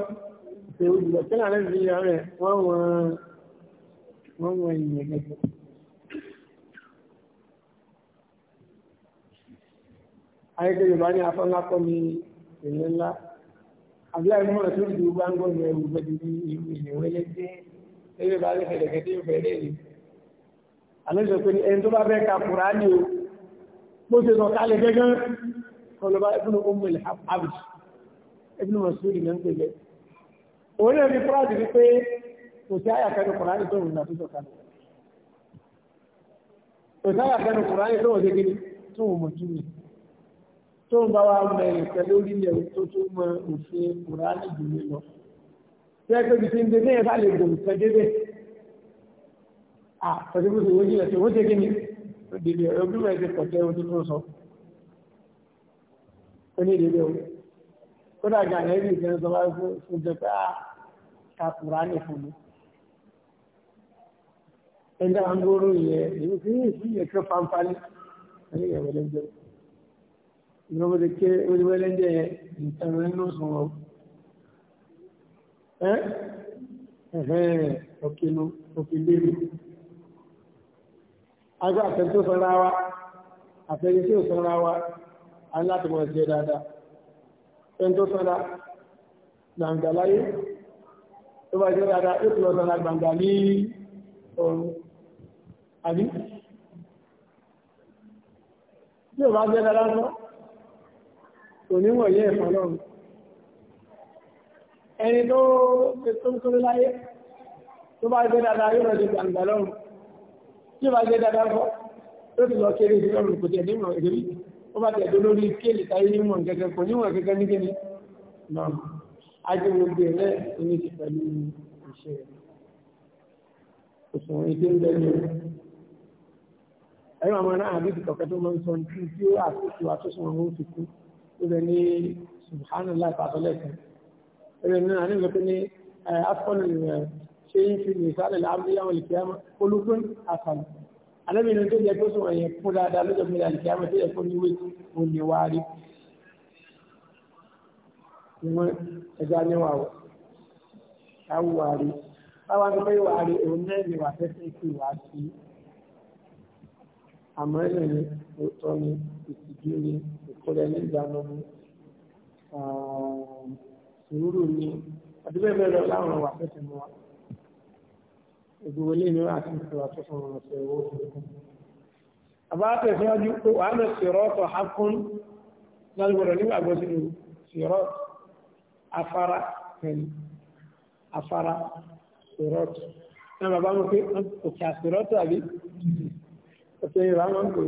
[SPEAKER 1] dòkè wù jùlọ kí làlẹ́ fi yà rẹ̀ wọ́n wọ́n wọ́n ìyẹn gẹ́gẹ́. ayẹ́kẹ́ yorùbá ní afọ́nlákọ́ ní èlé ńlá àbí àìmọ́ ọ̀rẹ́ tó ń ju gbáǹgọ́ ní ẹrù gbẹ́dẹ́ ní ìwé ìwé lẹ́gbẹ́ẹ́ ewé bá rí fẹ̀lẹ̀kẹ́tẹ́ ń fẹ̀lẹ́ yìí àlejò pé ní ẹni tó bá bẹ́ẹ̀ ka kùránì umm o bó ṣe sọ kálẹ̀ gẹ́gẹ́ kọlọba ibùnú umul abd ibùnú masudi náà ń pè jẹ́ òun náà ní fúráàdì ní pé kò sí àyàkẹ́nu kùránì tó wùn náà tó sọ kálẹ̀ kò sí àyàkẹ́nu kùránì tó wùn dégé tó wùn mọ̀ jùlọ tó ń bá wa mẹ́rin pẹ̀lú orílẹ̀ tó tó mọ òfin kùránì jùlọ lọ tẹ́ pé bìtì ń dé ní ẹ̀ka lè gbòm sọ à pẹ̀lú bó wọ́n jìnà sí wọ́n ṣe kí ni òdìlẹ̀ ọdún mẹ́rin ti pọ̀tẹ́ ojú tó sọ onídìílé o kódà gàdá ẹ̀rí ìṣẹ́ sọ wá fún jẹ pé àkàkùrá ní fún mi ẹ̀dá ń gbóró yẹ èyí fi yé sí ẹ̀kọ́ fanfani ẹ̀rí ìyẹ̀wẹ̀lẹ́jẹ́ ìrọ̀wẹ̀lẹ́jẹ́ ìtàn rẹ̀ ló sọ̀rọ̀. ẹ́ ẹ̀hẹ́n agbá àtẹni tó sanra wa àtẹni tí ò sanra wa a mọ̀ ṣe dáadáa ẹni tó sanra gbàǹgà láyé tó bá ṣe dáadáa lọ sanra gbàǹgà ní àbí tí ò bá ṣe dáadáa sọ ẹni tó tó ń kórè láyé tó bá jẹ́ dáadáa yóò rẹ̀ gbàǹgbà lọ́rùn tí ó bá jẹ́ dáadáa kọ́ ó ti lọ kéré ìdílé ọ̀rùn kò tẹ̀ ní ìmọ̀ ìdílé ó bá tẹ̀dó lórí kéèlì táyé níwọ̀n kẹ̀kẹ́ kò níwọ̀n kẹ̀kẹ́ ní kíni náà ajé gbogbo ẹ̀ lẹ́ẹ̀ oní ti pẹ̀lú ìṣe rẹ̀ òṣùwọ̀n ìdí ń bẹ ní ẹ̀rọ àwọn ará àbí ti kọ̀kẹ́ tó máa ń sọ tí ó àtúnṣe àtúnṣe wọn ó fi kú ó bẹ ní subhanallah ìfàtọ́lẹ̀ kan ẹ̀rìn náà ní ìlọ́pẹ́ ní afọ́nù ṣe ń fi nìsàlẹ̀ láàbíyàwó ìkìyàmọ́ olùkún àfàlù alẹ́bí ní tó jẹ́ tó sùn ẹ̀yẹ fún dáadáa lọ́jọ́ mi là ìkìyàmọ́ tó yẹ fún níwé oníwárí ìmọ̀ ẹja níwà wọ̀ káwùwárí báwa ní pé wàárí òun náà ni wà fẹ́fẹ́ ìpè wá sí àmọ́ ẹ̀rìn ní òótọ́ ni ìtìjú ni ìkọlẹ̀ ní ìdáná mú sùúrù ni àti bẹ́ẹ̀ bẹ́ẹ̀ lọ láwọn ọ̀wà tẹ̀sẹ̀ mọ́ wa. Ìgbòho ilé ìlú àti ìṣòro àtúnṣe wọn ọ̀sẹ̀ owó tuntun. Àbá tẹ̀síwájú pé wàá lọ sèrọ́ ọ̀tọ̀ hakún lọ́gbọ̀dọ̀ nígbàgbọ́ sínú sèrọ́ afárá pẹ̀lú afárá sèrọ́ ọ̀tọ̀. Náà bàbá mi pé òkè àsèrọ́ ọ̀tọ̀ àbí òkè Yorùbá máa ń pè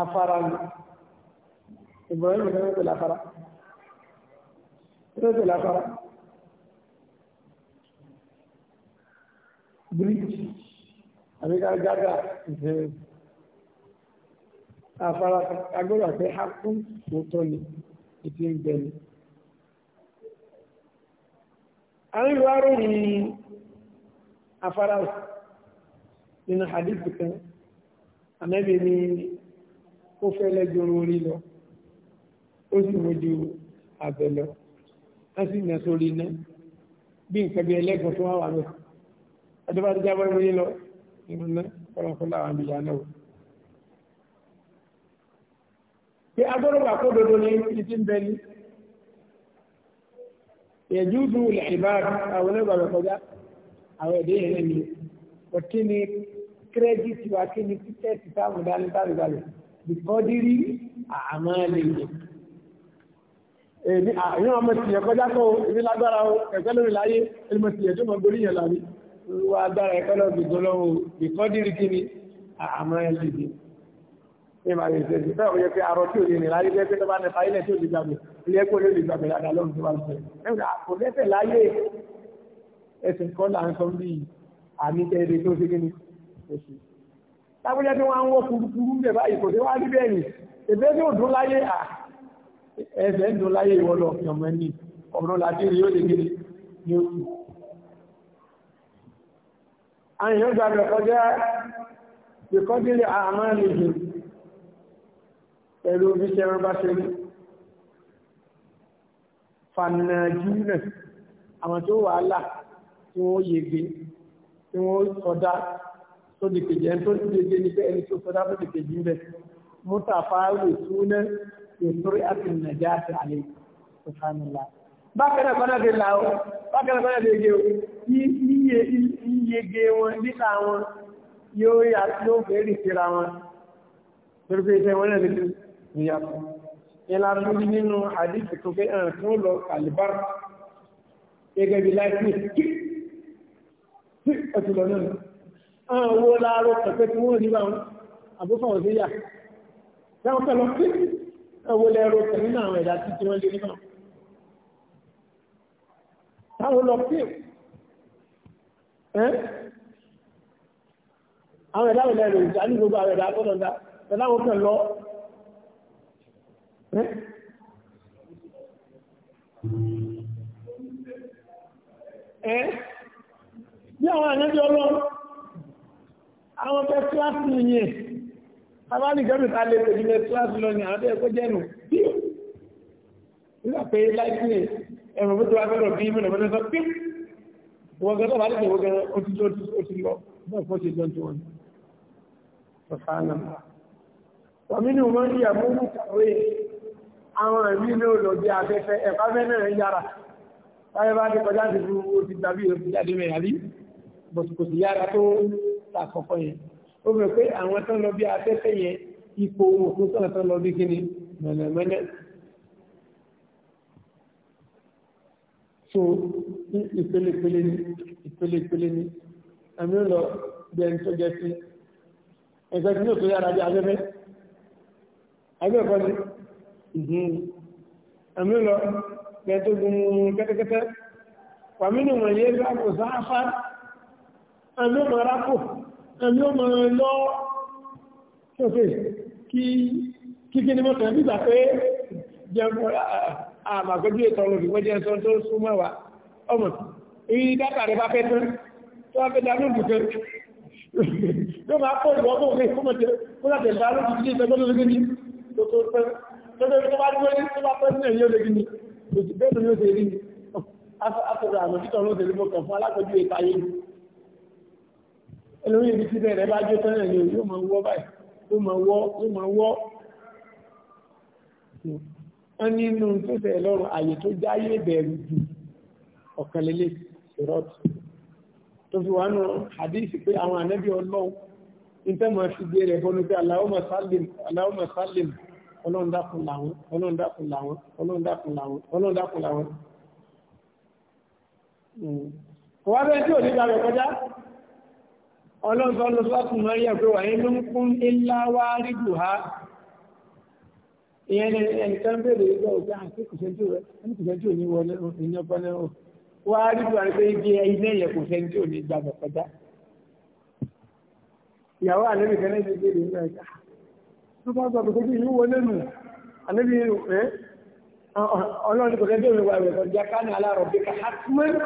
[SPEAKER 1] afárá ni. Ìbọ̀wé mi fẹ́ tẹ́lẹ̀tẹ̀ lápára bíríkì àbíká gádà ìfẹ́rẹ́ afárá agbọ́dọ̀ pé hákún òótọ́ ni ìdí ń bẹ ni. a ń lọ arúgbìn afárá nínú hadith kan ànábì ni ó fẹ́ lẹ́jọ́ orí lọ ó sì mójú abẹ lọ wọ́n sì nà sórí iná bí nǹkan bí ẹlẹ́gùn tó wà wà lọ ọdún bá ti jábọ́ ìwé lọ nínú iná kọ́lọ́kọ́ láwọn àmìyá náà wò. pé agbọ́dọ̀gbà kó dodo ní títí ń bẹ ní yẹjúdú ìbára àwọn ẹgbàgbà kọjá àwọn èdè yẹn ni ọtí ni kírẹ́dìtì wa kí ni títẹ́ẹ̀tì táwọn dání tàbí balẹ̀ bìkọ́dírí àmàlẹ̀ yẹn èmi àyàn ọmọ ti ẹ̀kọ́ jákọ́ ibi lágbára ẹ̀kọ́ lórí láyé ẹlùmọ̀ ti ẹ̀tọ́ mọ̀ gbórí yẹn láàrí wà agbára ẹ̀kọ́ lọ gbogbo lọ́wọ́ ìkọ́ dírí kí ni àmọ́ ẹlẹ́dì ní ma yẹn sẹ́sì fẹ́ òye pé arọ tí ò lè rìn láyé bẹ́ẹ̀ pé tó bá nípa ilẹ̀ tí ò lè gbàgbé ilé ẹ̀kọ́ ló lè gbàgbé dáadáa lọ́run tó bá lọ sẹ́yìn kò lẹ́sẹ̀ láyé ẹsẹ̀ kọ́ là ń sọ bí àmì tẹ́lẹ̀ tó ṣe kíni oṣù tábúlẹ́ tí wọ́n á ń wọ́ kúrúkúrú bẹ̀ báyìí kò sí wá rí bẹ́ẹ̀ ni ìbẹ́ tí ò ẹsẹ̀ ń dún láyé ìwọ́lọ̀ ọ̀pẹ̀ọ̀mọ̀ ẹni ọ̀rọ̀ làtírí yóò lè gẹ́rẹ́ ní oṣù. àyìn yóò gbàgbẹ̀ kọjá ìkọ́dílé àmàlì ìhìn pẹ̀lú bí sẹ́rọ bá ṣe rí fànàjúnà àwọn tó wà á là tí wọ́n yege tí wọ́n sọdá tó dìkejì ẹni tó dìkejì ní pé ẹni tó sọdá tó dìkejì ń bẹ̀ mọ́tàfà rè túnẹ́ ìtúrí àti nàìjíríà àti àlè ìfàmìlà. Bákan náà kọ́nà dé láwọ́, bákan náà kọ́nà dé gé iye iyege wọn níta wọn yóò yà ló bẹ̀rẹ̀ síra wọn. Torí pé iṣẹ́ wọn náà lè níyàtọ̀. Ìlà tún nínú àdìsí tó fẹ́ hàn tó lọ kàlìbára gẹ́gẹ́ bí láìpẹ́ kí ọtí náà ẹwọ lẹ́rọ pẹ̀lú nínú àwọn ẹ̀dá títí wọ́n lé nínú táwọn lọ pé àwọn ẹ̀dá wọ̀lẹ̀ rẹ̀ ìjà ní gbogbo àwọn ẹ̀dá tọ́lọ̀ dá ẹ̀dá wọn kàn lọ bí àwọn àyẹ́bí ọlọ́run àwọn fẹ́ kíláàsì yìí abáni gẹ́rù ta lè pè nílẹ̀ kíláàsì lọ ní àwọn ẹ̀kọ́ jẹ́nu píò nígbà pé láìpẹ́ ẹ̀rọ bó tó wá fẹ́rọ̀ bí mílẹ̀ mọ́tò sọ pí wọ́n gẹ́gẹ́ bá lẹ́sẹ̀ wọ́gẹ́ òtítọ́ òtí lọ bẹ́ẹ̀ fọ́ ṣe lọ tí wọ́n sọ̀fàánà wọ́n mi ní wọ́n yà mú mú kàwé àwọn ẹ̀mí ní ó lọ bí afẹ́fẹ́ ẹ̀fá fẹ́ náà yára báyẹ̀ bá ti kọjá ti fún ó ti gbàbí ó ti jáde mẹ́ àbí bọ̀sùkòsì yára tó tàkọ́kọ́ yẹn ó mọ̀ pé àwọn tó lọ bí afẹ́fẹ́ yẹn ipò ohun òkú tó tó lọ bí kíni mọ̀nàmọ́ná. so ìpelepele ni ìpelepele ni àmì ń lọ bí ẹni tó jẹ sí ẹgbẹ́ tí yóò tó yára bí afẹ́fẹ́ agbẹ́kọ̀ọ́ ni àmì ń lọ bí ẹni tó gun kẹ́tẹ́kẹ́tẹ́ wàmínú wọ̀nyí ẹgbẹ́ àpò sáfá àmì ń lọ rákò ẹ̀mí ó mọ̀ lọ ṣòfè kí kíkí ni mọ́tàn nígbà pé jẹun àmàgbójú ètò olóògbé wọ́n jẹ́ sọ tó súnmọ́ wa ọmọ ìyí dáta rẹ̀ bá fẹ́ tán tó wá fẹ́ dánú ìbùkẹ́ ló máa pọ̀ ìwọ́n kò fẹ́ fún mọ̀tẹ́ kó láti ẹ̀dá lójú sí ìtọ́jú lójú ní tó tó pẹ́ tó tó bá dúró ní tó bá pẹ́ sínú ẹ̀yọ́ lójú ní òtù bẹ́ẹ̀ ló ń ṣe rí ẹlòmí ibi tí bẹ̀rẹ̀ bá jó tẹ́lẹ̀ ni yóò máa wọ́ báyìí yóò máa wọ́ yóò máa wọ́ wọ́n nínú tó tẹ̀ lọ́rùn àyè tó jáyé bẹ̀rù ju ọ̀kanlélé ìrọ́tù tó fi wà nù hadith pé àwọn ànábì ọlọ́run ìtẹ́mọ̀ fi gbé rẹ̀ bọ́nu pé Allahumma sallim Allahumma sallim ọlọ́run dákun làwọn ọlọ́run dákun làwọn ọlọ́run dákun làwọn ọlọ́run dákun làwọn. kò wá bẹ́ẹ̀ tí ò ní gbàgbẹ́ kọjá ọlọ́sọ́ ló sọ́kùn mọ́ríyà pé wàyé ló ń kún ilá wá rí dùhá ìyẹn ẹnìkan bèèrè ìgbà òkè àti kùsẹ́ntì rẹ̀ ẹni kùsẹ́ntì ò ní wọlé ìní ọpọ lẹ́wọ̀ wá rí dùhá pé ibi ilé yẹ kùsẹ́ntì ò ní gbà bọ̀kọjá ìyàwó àlébì kan rẹ̀ ọlọ́run kò lẹ́gbẹ̀ẹ́ òwe wa rẹ̀ kọjá ká ní aláàrọ̀ bí ká hatman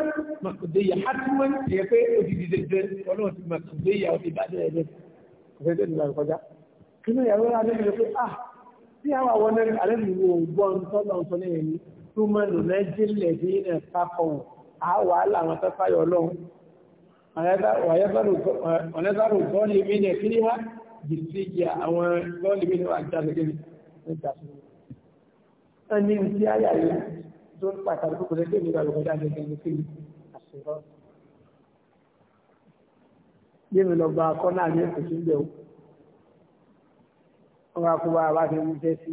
[SPEAKER 1] makudeya hatman yẹ pé ó ti di dẹdẹ ọlọ́run ti makudeya ó ti bá dẹ ẹ̀dẹ kò fẹ́ dẹ́nu ìwà kọjá kí ló yàrá rẹ̀ lẹ́nu pé ah tí àwọn àwọn náà alẹ́ mi wò gbọ́ ntọ́lá ntọ́ lẹ́yìn ni tó máa nù náà jílẹ̀ bí ẹ̀ pápọ̀ àwọn àlà àwọn afẹ́fà yọ lọ́hùn ọ̀lẹ́sàrò gọ́ọ̀lì mi ní ẹ̀kíní wa jìtì ìyà àwọn gọ́ọ̀lì mi ní wa jáde kí ni ó ń ta sí i ẹni tí a yà yìí tó ń pàtàkì kókò lẹ́gbẹ̀ẹ́ mi lọ́wọ́ kọjá lẹ́gbẹ̀ẹ́ mi kí ni àṣírọ́. Yé mi lọ gba akọ́ náà ní ẹ̀sìn síbẹ̀ o. Wọ́n máa kó bá a bá ti mú jẹ́ sí.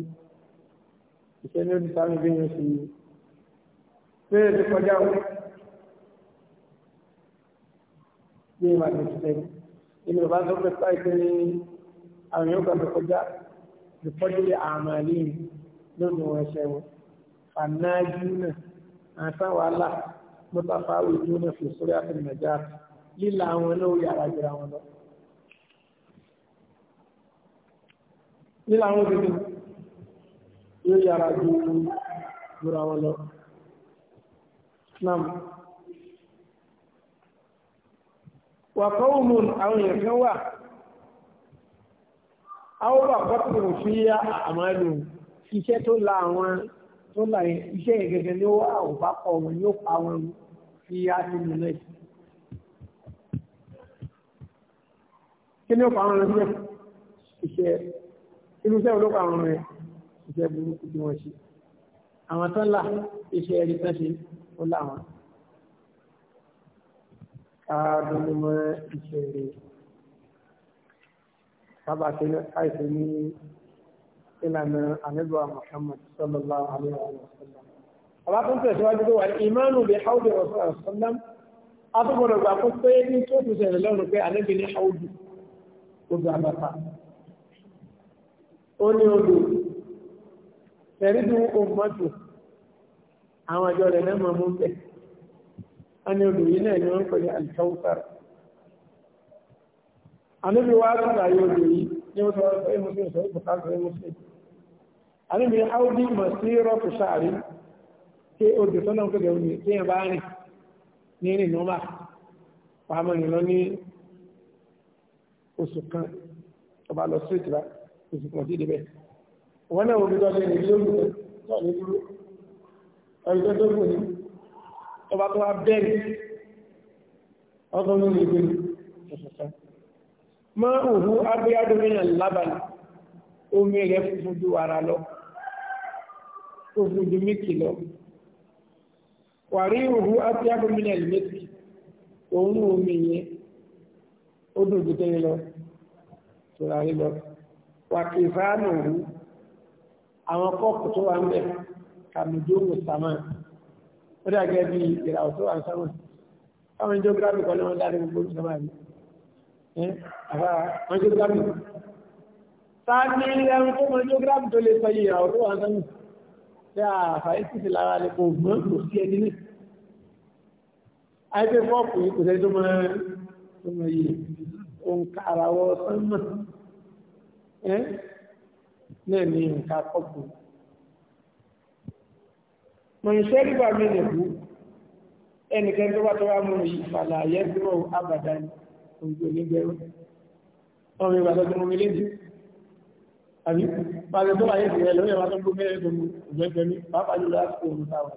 [SPEAKER 1] Ìṣẹ́ ní oṣù sáré bí wọ́n ṣe yìí. Bẹ́ẹ̀ ti kọjá o. Bí ìwà ni ti tẹ̀lé. Ìlú bá tó pẹ́ pàìpẹ́ ní àwọn yóò gbàgbé kọjá. Ìfọ́jú àmàlí yìí lóbi wọn ṣẹ wọn fanáájú náà àtàwọn alá mọ́tàfáwò ìlú náà fi sórí àtẹnìmọ̀já líla àwọn náà yàrá jìra wọn lọ. líla àwọn obìnrin yóò yàrá ju jìra wọn lọ. Nam. Wà mu àwọn èèyàn kan wà. Àwọn bàbá tó fi yá àmàlù iṣẹ́ tó la àwọn tó la iṣẹ́ yẹn gẹ́gẹ́ ni ó wà ó bá kọ wọn yóò pa wọn fi á nínú náà. kí ni ó pa wọn lọ sílẹ̀ iṣẹ́ inú iṣẹ́ olóko àwọn rẹ̀ iṣẹ́ burúkú tí wọ́n ṣe àwọn tó la iṣẹ́ ẹ̀rí tán ṣe ó la wọn. káàdùn ní mọ iṣẹ́ rẹ̀ bàbá àti àìsàn ní ìlànà àníbà Muhammad sallallahu alaihi wa sallam. Àbá tó ń tẹ̀síwájú pé wà ní ìmánu bí Haúdù Rasulullah Atúgbọ̀dọ̀ gbà kó pé ní tó fi ṣẹlẹ̀ lọ́rùn pé àníbi ní Haúdù odò àbàtà. Ó ní odò tẹ̀rí bí òmùmọ́tò àwọn àjọ rẹ̀ náà máa mú bẹ̀. A ní odò yìí náà ni wọ́n ń pè ní Al-Kawthar. Àníbi wá sọ̀rọ̀ ayé odò yìí ní ó sọ ẹ́ Mùsùlùmí sọ ẹ́ Bùkátà àníbi áwùdí mọ̀ sí rọ́pù sáàrí tí odò tó náà kẹ́gẹ̀ẹ́ omi tí yẹn bá rìn ní rìn nọ́mbà pàmọ́ ìlọ ní oṣù kan tó bá lọ sí ìtura oṣù kan sí ìdíbẹ̀ wọ́n náà omi tọ́jú ní ilé olùkọ́ tó ní dúró ọjọ́ tó kù ní ọba tó wá bẹ́ẹ̀ ọkọ̀ ní ìgbé oṣù kan máa ń hu lábàlì omi rẹ̀ funfun ju ara lọ òfin ojú méjì lọ wàrí òhu àti abúmínà méjì òun omi yẹn ó dùn jù tẹ́lẹ̀ lọ tùràrí lọ wàkìfáànù òhu àwọn kọ́ọ̀pù tó wà ń bẹ̀ kàmùjó mùsàmá ó dàgẹ́ bí ìràwọ̀ tó wà ń sámà àwọn geography kan ní wọ́n dárí gbogbo mùsàmá mi àwọn geography sáà ní ẹran tó mọ geography tó lè sọ yìí ìràwọ̀ tó wà ń sámà pé àfàìsìsì lára lè kò mọ́ kò sí ẹni ní àìpé fọ́ọ̀pù yìí kò sẹ́ tó mọ́ yìí òǹkà àràwọ̀ sánmà ẹ́ náà ní nǹka kọ́pù mọ̀ ìṣẹ́ rígbà mẹ́lẹ̀kú ẹnìkan tó bá tó wá mú yìí fàlà ayẹ́ dúró àbàdàn òǹgbò nígbẹ̀rún ọmọ ìgbà tó mi léjì àbí pàṣẹ tó wáyé ìrẹ̀lẹ̀ lórí ẹ̀wà tó gbó mẹ́rin tó mú ìgbẹ́gbẹ́mí pàápàá jùlọ àsìkò òun táwọn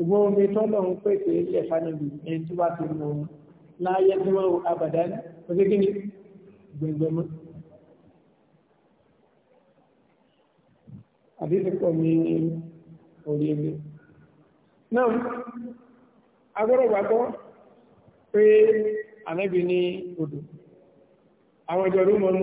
[SPEAKER 1] ìgbọ́n omi tọ́lọ̀ ń pèsè ilẹ̀ fanibì ẹni tó bá ti mú un láyé tí wọ́n abàdá ní oṣù kí ni gbẹ̀ngbẹ̀mọ́ àdísìkọ̀ mi orí ẹgbẹ́ náà agbọ́dọ̀ gbàgbọ́ pé ànábì ní odò àwọn ìjọ rúmọ̀nù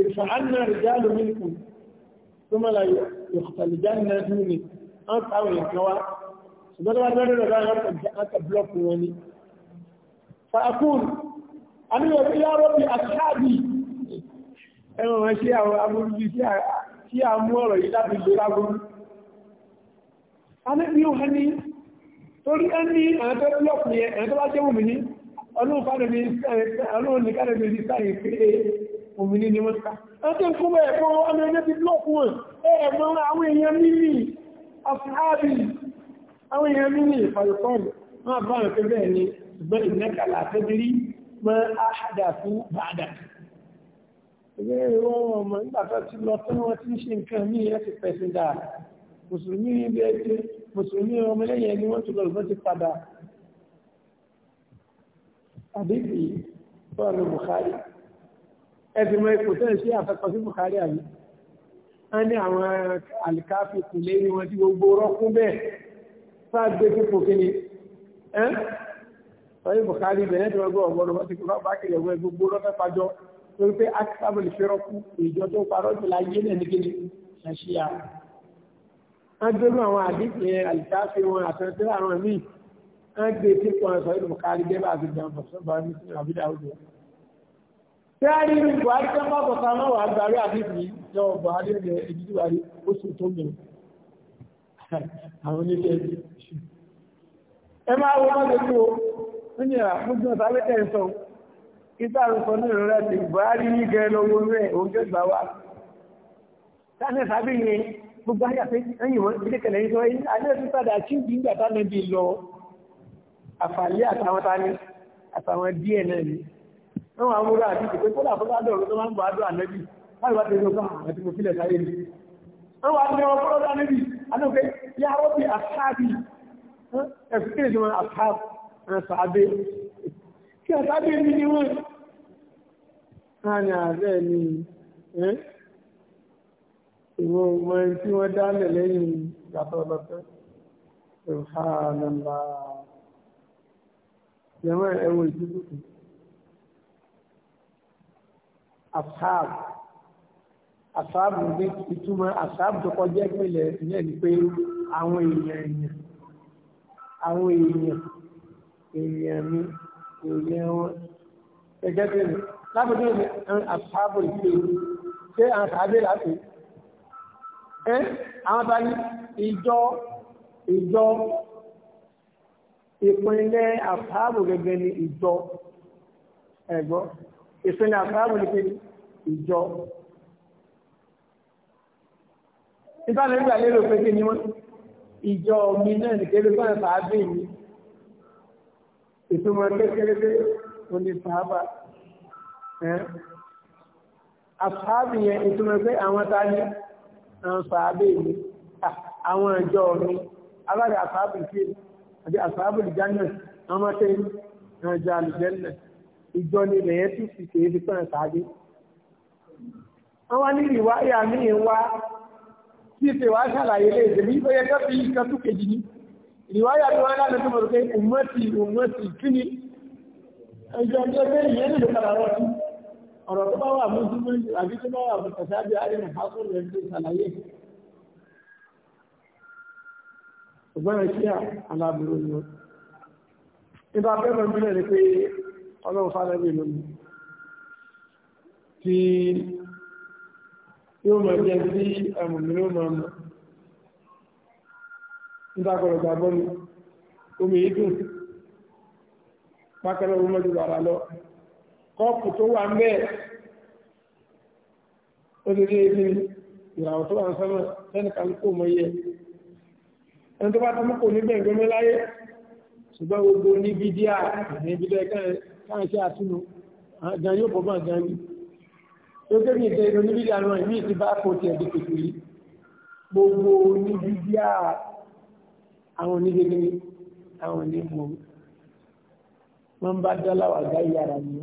[SPEAKER 1] ìfàánà ìjálù mílìkù tó mọ́lá ìjálù dúró ni wọ́n táwọn èèyàn wá ṣùgbọ́n tó wá bẹ́rẹ̀ rẹ̀ báyọ̀ aka blọ́ọ̀kù wọn ni fàákùn àníyàn bí yàrá bí àṣáàbì ẹ̀rọ wọn ṣe àwọn amúrúbí tí a ọ̀rọ̀ yìí láti lè òmìnir ni wọ́n ká. Ẹgbẹ́ ìkúnmọ̀ ẹ̀kọ́ ọmọ ẹgbẹ́ ti blọ́ọ̀kù wọn, ẹ̀ẹ̀mọ́ àwọn èèyàn mímí, ọ̀fíhábì, àwọn èèyàn mímí ìfàyọ̀kọ́ọ̀lù, máa bá rẹ̀ pé bẹ́ẹ̀ ni ṣùgbọ́n ìmẹ́kàlà àtẹ́bírí mọ́ àádà fún bàdà. Ìgbẹ́ ìwọ̀n ọmọ nígbàtọ́ ti lọ tán wọ́n ti ń ṣe nǹkan mí ẹ̀ ti pẹ̀sìn dáa. Mùsùlùmí ilé ẹgbẹ́, Àbíbí, bọ́ọ̀lù Bùkhárì, ẹ̀sìn mọ́ ipò tẹ́ ṣe àfẹ́kọ́ sí Bukhari àbí wọ́n ní àwọn alikafi kù lẹ́yìn wọn tí gbogbo rọ́kún bẹ́ẹ̀ sáàgbé pípò kíni ẹ́ sọ́yí Bukhari bẹ̀rẹ̀ tí wọ́n gbọ́ ọ̀gbọ́dọ̀ wọ́n ti kọ́ bá kiri ẹ̀wọ́ gbogbo rọ́fẹ́ pàjọ torí pé akitable fẹ́rọ́kù ìjọ tó parọ́ jù láyé náà ní kíni ṣàṣìyà wọ́n gbé àwọn àdìsí alikafi bẹ́ẹ̀ bá tí a rí rí buhari tó ń bá bọ̀ta náà wà gbàrí àdébì yọ buhari rẹ̀ ìdíjú wà rí oṣù tó mìíràn àwọn oníṣẹ́ ẹbí ẹ máa wọ́n lọ́dẹ tó ó ní àmójú ọ̀tá lẹ́tẹ̀ ń sọ kíta ń sọ ní ìrora ti buhari ní gẹ lọ́wọ́ rẹ̀ oúnjẹ gbà wá sáfẹ́ sábẹ́ yẹn gbogbo ayé àti ẹ̀yìn wọn ilé kẹlẹ̀ yìí sọ yìí alẹ́ tó padà tí ìdí ìgbà tá àfàlẹ́ àtàwọn tani àtàwọn díẹ̀ náà ni wọ́n wà múra àdíjì pé kódà fún ládọ̀ ọ̀rọ̀ tó máa ń bọ̀ àdọ̀ ànẹ́bì láì bá tẹ̀lé ọgbà àti mo fílẹ̀ sáyé ni wọ́n wà ní ọmọ ọ̀rọ̀ ànẹ́bì anúkẹ́ yà ó bí àṣáàbì ẹ̀fíkẹ́ ìjọba àṣáàbẹ́ kí àṣáàbẹ́ mi ni wọ́n láàrin ààrẹ ni ìwọ̀n ọmọ ẹni tí wọ́n dálẹ̀ lẹ́yìn ìgbàtọ̀lọ́tọ̀ ìhànàmà yẹmọ́ ẹ̀wọ̀n ìdúkùkù asáàbù asáàbù ní ìtumọ̀ asáàbù tó kọjá ìpínlẹ̀ ilẹ̀ ni pé àwọn èèyàn èèyàn àwọn èèyàn èèyàn mi èèyàn wọn gẹ́gẹ́ bí ẹni lábẹ́jọ́ ni asáàbù ìpè ṣé àwọn sàábé láti ẹ́ àwọn bá ní ìjọ ìjọ ìpínlẹ̀ asáàbù gẹ́gẹ́ ni ìjọ ẹ̀gbọ́n ìpinnu àkàràbù ní kíni ìjọ. Nígbà mi gbà lérò pé kí ni wọ́n ìjọ mi náà ní kéde fún ẹ̀fà ábí mi. Ìtumọ̀ kékeré pé o ní sàábà. Àfáàbì yẹn ìtumọ̀ pé àwọn ta ní àwọn sàábì mi, àwọn ìjọ mi, alága àfáàbì kí àti àfáàbì ìjánà, àwọn tẹ́lẹ̀, àwọn ìjọ àlùjẹ́ náà ìjọ ni ilẹ̀ yẹn tún fi kèé fi tán ṣáájú. àwọn ní ìwáyà míì wá tí ìfẹ́ wá ṣàlàyé lè dèbí ó yẹ kẹ́fì ìkan tún kejì ní ìwáyà tó wá lánàá tó mọ̀ pé ummati ummati kí ni ẹjọ́ ní ẹgbẹ́ ìyẹn nílò padà rọ̀ sí ọ̀rọ̀ tó bá wà mú sí mú àbí tó bá wà mú kàṣáàbí àrínà hákùn rẹ̀ tó ṣàlàyé ṣùgbọ́n ẹ̀ṣẹ́ aláàbúrò ni wọ́n nípa pẹ́ẹ́mọ̀ bí ọlọ́run fánàbí lónìí tí yóò mọ̀ jẹ́ sí ẹmùmíràn mọ̀ mọ̀ nígbàgbọ́rọ̀ gbàgbọ́ ni omi yìí dùn pákẹ́lẹ́ omi mọ́jú bàrà lọ kọ́ọ̀pù tó wà ń bẹ́ẹ̀ ó ti rí ebi ìràwọ̀ tó wà ń sánmà lẹ́nu kálukú mọ́ yẹ ẹni tó bá tó mú láyé ṣùgbọ́n gbogbo ní bídíà ní bídíà káwọn ṣe àtúnú gan yóò bọ́gbọ́n gan ní tó kébì ìtẹ́ ìlú níbi àwọn ìmí ti bá kò tiẹ̀ di pèsè yìí gbogbo níbi bí àwọn onígbégbé àwọn onímọ̀ wọ́n bá dọ́là wà gá yàrá ní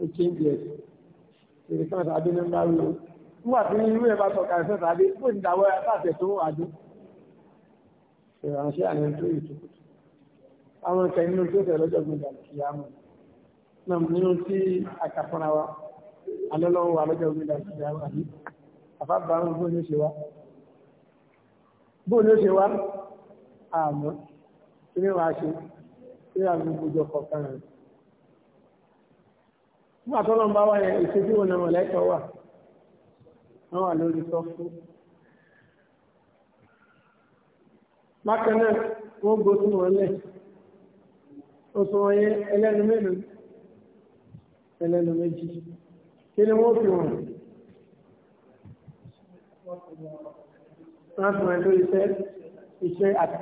[SPEAKER 1] ó change it èrè kan tàbí ní bá wúlò nígbà tí irú ẹ̀ bá sọ kàìsẹ́ tàbí ó ti dàwọ́ àtàtẹ̀ tó àdó ìrànṣẹ́ àyẹ̀ tó ìtòkòtò àwọn ìkẹ́ inú tó tẹ̀ náà nínú tí àkàfọ́nà wa alọ́lọ́wọ́ wa lọ́jọ́ omi láti ṣe àwọn àbí àfábà ń bó ní ṣe wá bó ní ṣe wá àmọ́ kí ni wàá ṣe kí ni àwọn gbogbo kọ̀ọ̀kan rẹ̀ nígbà tó lọ́n bá wà yẹn ìṣẹ́jú wọn náà mọ̀lẹ́kọ̀ wà wọ́n wà lórí sọ́fù bákan náà wọ́n gbó sínú wọn lẹ̀ oṣù wọn yẹn ẹlẹ́nu mélòó ẹlẹ́nu méjì kí ni wọ́n fi wọ̀n wọ́n fi wọ́n ló iṣẹ́ iṣẹ́ àti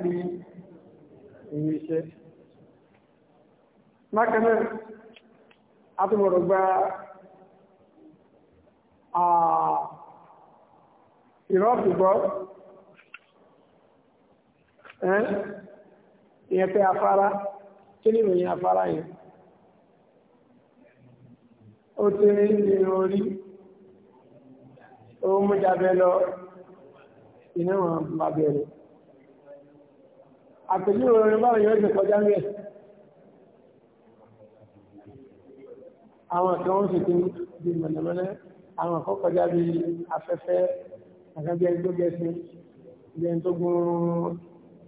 [SPEAKER 1] èyí iṣẹ́ mákanáà atúbọ̀rọ̀ gba ìrọ́pùgbọ́ ìyẹn pé afárá kí ni ìròyìn afárá yẹn ó ti rí ìrìn orí ó mú jábẹ́ lọ iná wọn bá bẹ̀rẹ̀ àpèjú orin báwọn yóò ṣe kọjá mẹ́ àwọn kan ń ṣe kí bí mọ̀lẹ́mọ́lẹ́ àwọn kan kọjá bí afẹ́fẹ́ àgbẹ̀ gbógẹ́sí ìgbẹ̀yìn tó gún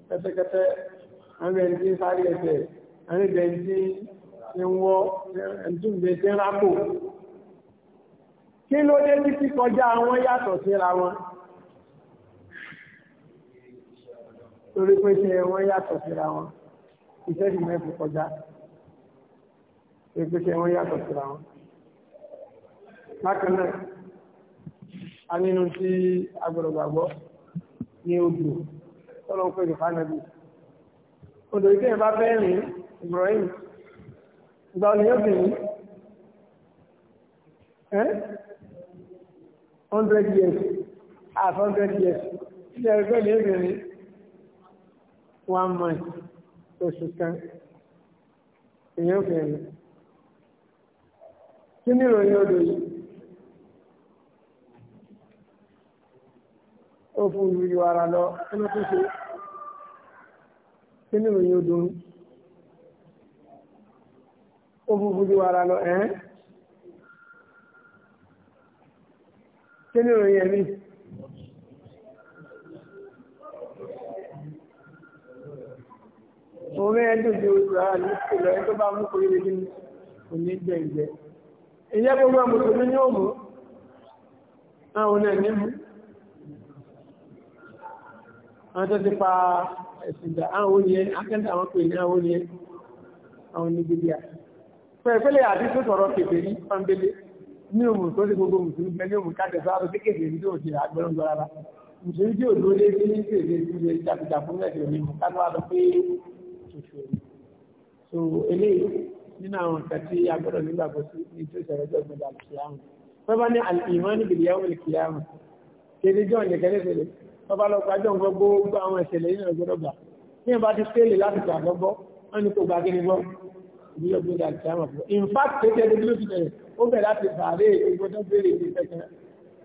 [SPEAKER 1] pẹ́tẹ́kẹ́tẹ́ àwọn ìgbẹ̀yìn ti ń wọ ẹ̀dúgbẹ́ tí ń rápò kí ló dé títí kọjá wọn yàtọ̀ síra wọn torí pé ṣe wọn yàtọ̀ síra wọn iṣẹ́ sì mẹ́fù kọjá torí pé ṣe wọn yàtọ̀ síra wọn bákan náà a nínú tí agbọ̀dọ̀gbàgbọ́ ní odò tọ́lọ́ pé ìfànàbí odò ìtẹ́yìn bá fẹ́ rìn Ibrahim ìgbà òní bì yín ẹ́ hundred years half hundred years ṣíṣe ẹgbẹ́ ní obìnrin one month oṣù kan èyí obìnrin kí ni ìròyìn odò yìí ó fún ìlú ara lọ kí ló tún ṣe kí ni ìròyìn odò yìí ó búburú ju ara lọ ẹ́ kí ni ìròyìn ẹ̀mí. òun mẹ́rin dùn ju ìrora ní ìlọ ẹ tó bá mú kórè lè ní òní jẹ ìjẹ ìyẹ́ gbogbo mùsùlùmí ní òmù àwọn ẹ̀ní mú àwọn tó ti pa ẹ̀sìn dà àwọn oníyẹ akẹ́ntà àwọn pè ní àwọn oníyẹ àwọn onígbèdè àti pẹ̀fẹ́lẹ̀ àdíṣò sọ̀rọ̀ kèfèrí pàmbélé ní òmùn tó ṣe gbogbo mùsùlùmí pẹ̀lú òmùn kájẹ sọ́rọ̀ sí kèfèrí tó ṣe àgbẹ̀rún gbọ́ra rá mùsùlùmí tí ò ló lé sí ìṣèlè ìṣèlè ìjàkújà fún ẹ̀sẹ̀ òní mú kánú àlọ́ pé ṣòṣò so eléyìí nínú àwọn nǹkan tí a gbọ́dọ̀ nígbàgbọ́ sí ní tó ṣẹlẹ̀ jọ gbọ́dọ̀ àlùkìyàmù tó bá ní àlùmọ́ọ́nì bìlíyàwó ìkìyàmù kéde jọ ìyẹ̀kẹ́ lẹ́sẹ̀lẹ̀ tó bá lọ gbájọ́ nǹkan gbogbo àwọn ìṣẹ̀lẹ̀ yìí náà gbọ́dọ̀ gbà ní ìbá ti fẹ́lẹ̀ láti gbà gbọ́gbọ́ wọn ni kò gbà kí ni gbọ́ ní ọgbẹ́ ìdá ìkíyàmọ̀ fún in fact tètè ẹni ló ti bẹ̀rẹ̀ ó bẹ̀rẹ̀ láti fàárẹ̀ ìgbò tó bẹ̀rẹ̀ ìdí tẹ̀kẹ́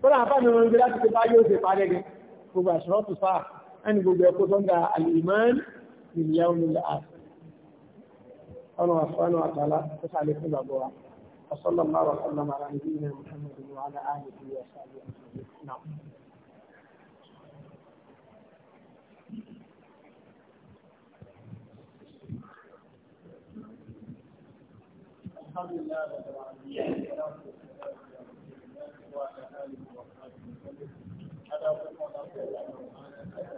[SPEAKER 1] tó náà fáwọn ọmọ ìgbé láti bá yóò ṣe parẹ́ gẹ gbogbo àṣọ tó fà ẹni gbogbo ẹ̀kọ́ tó ń ga alìmọ́n ìyá omi lè àṣ ọ̀nà àṣọ́nà àtàlà tó sàlẹ̀ fún bàbá wa ọ̀sọ́lọ́mọ́ àwọn ọ̀sọ́lọ́mọ́ Thank you.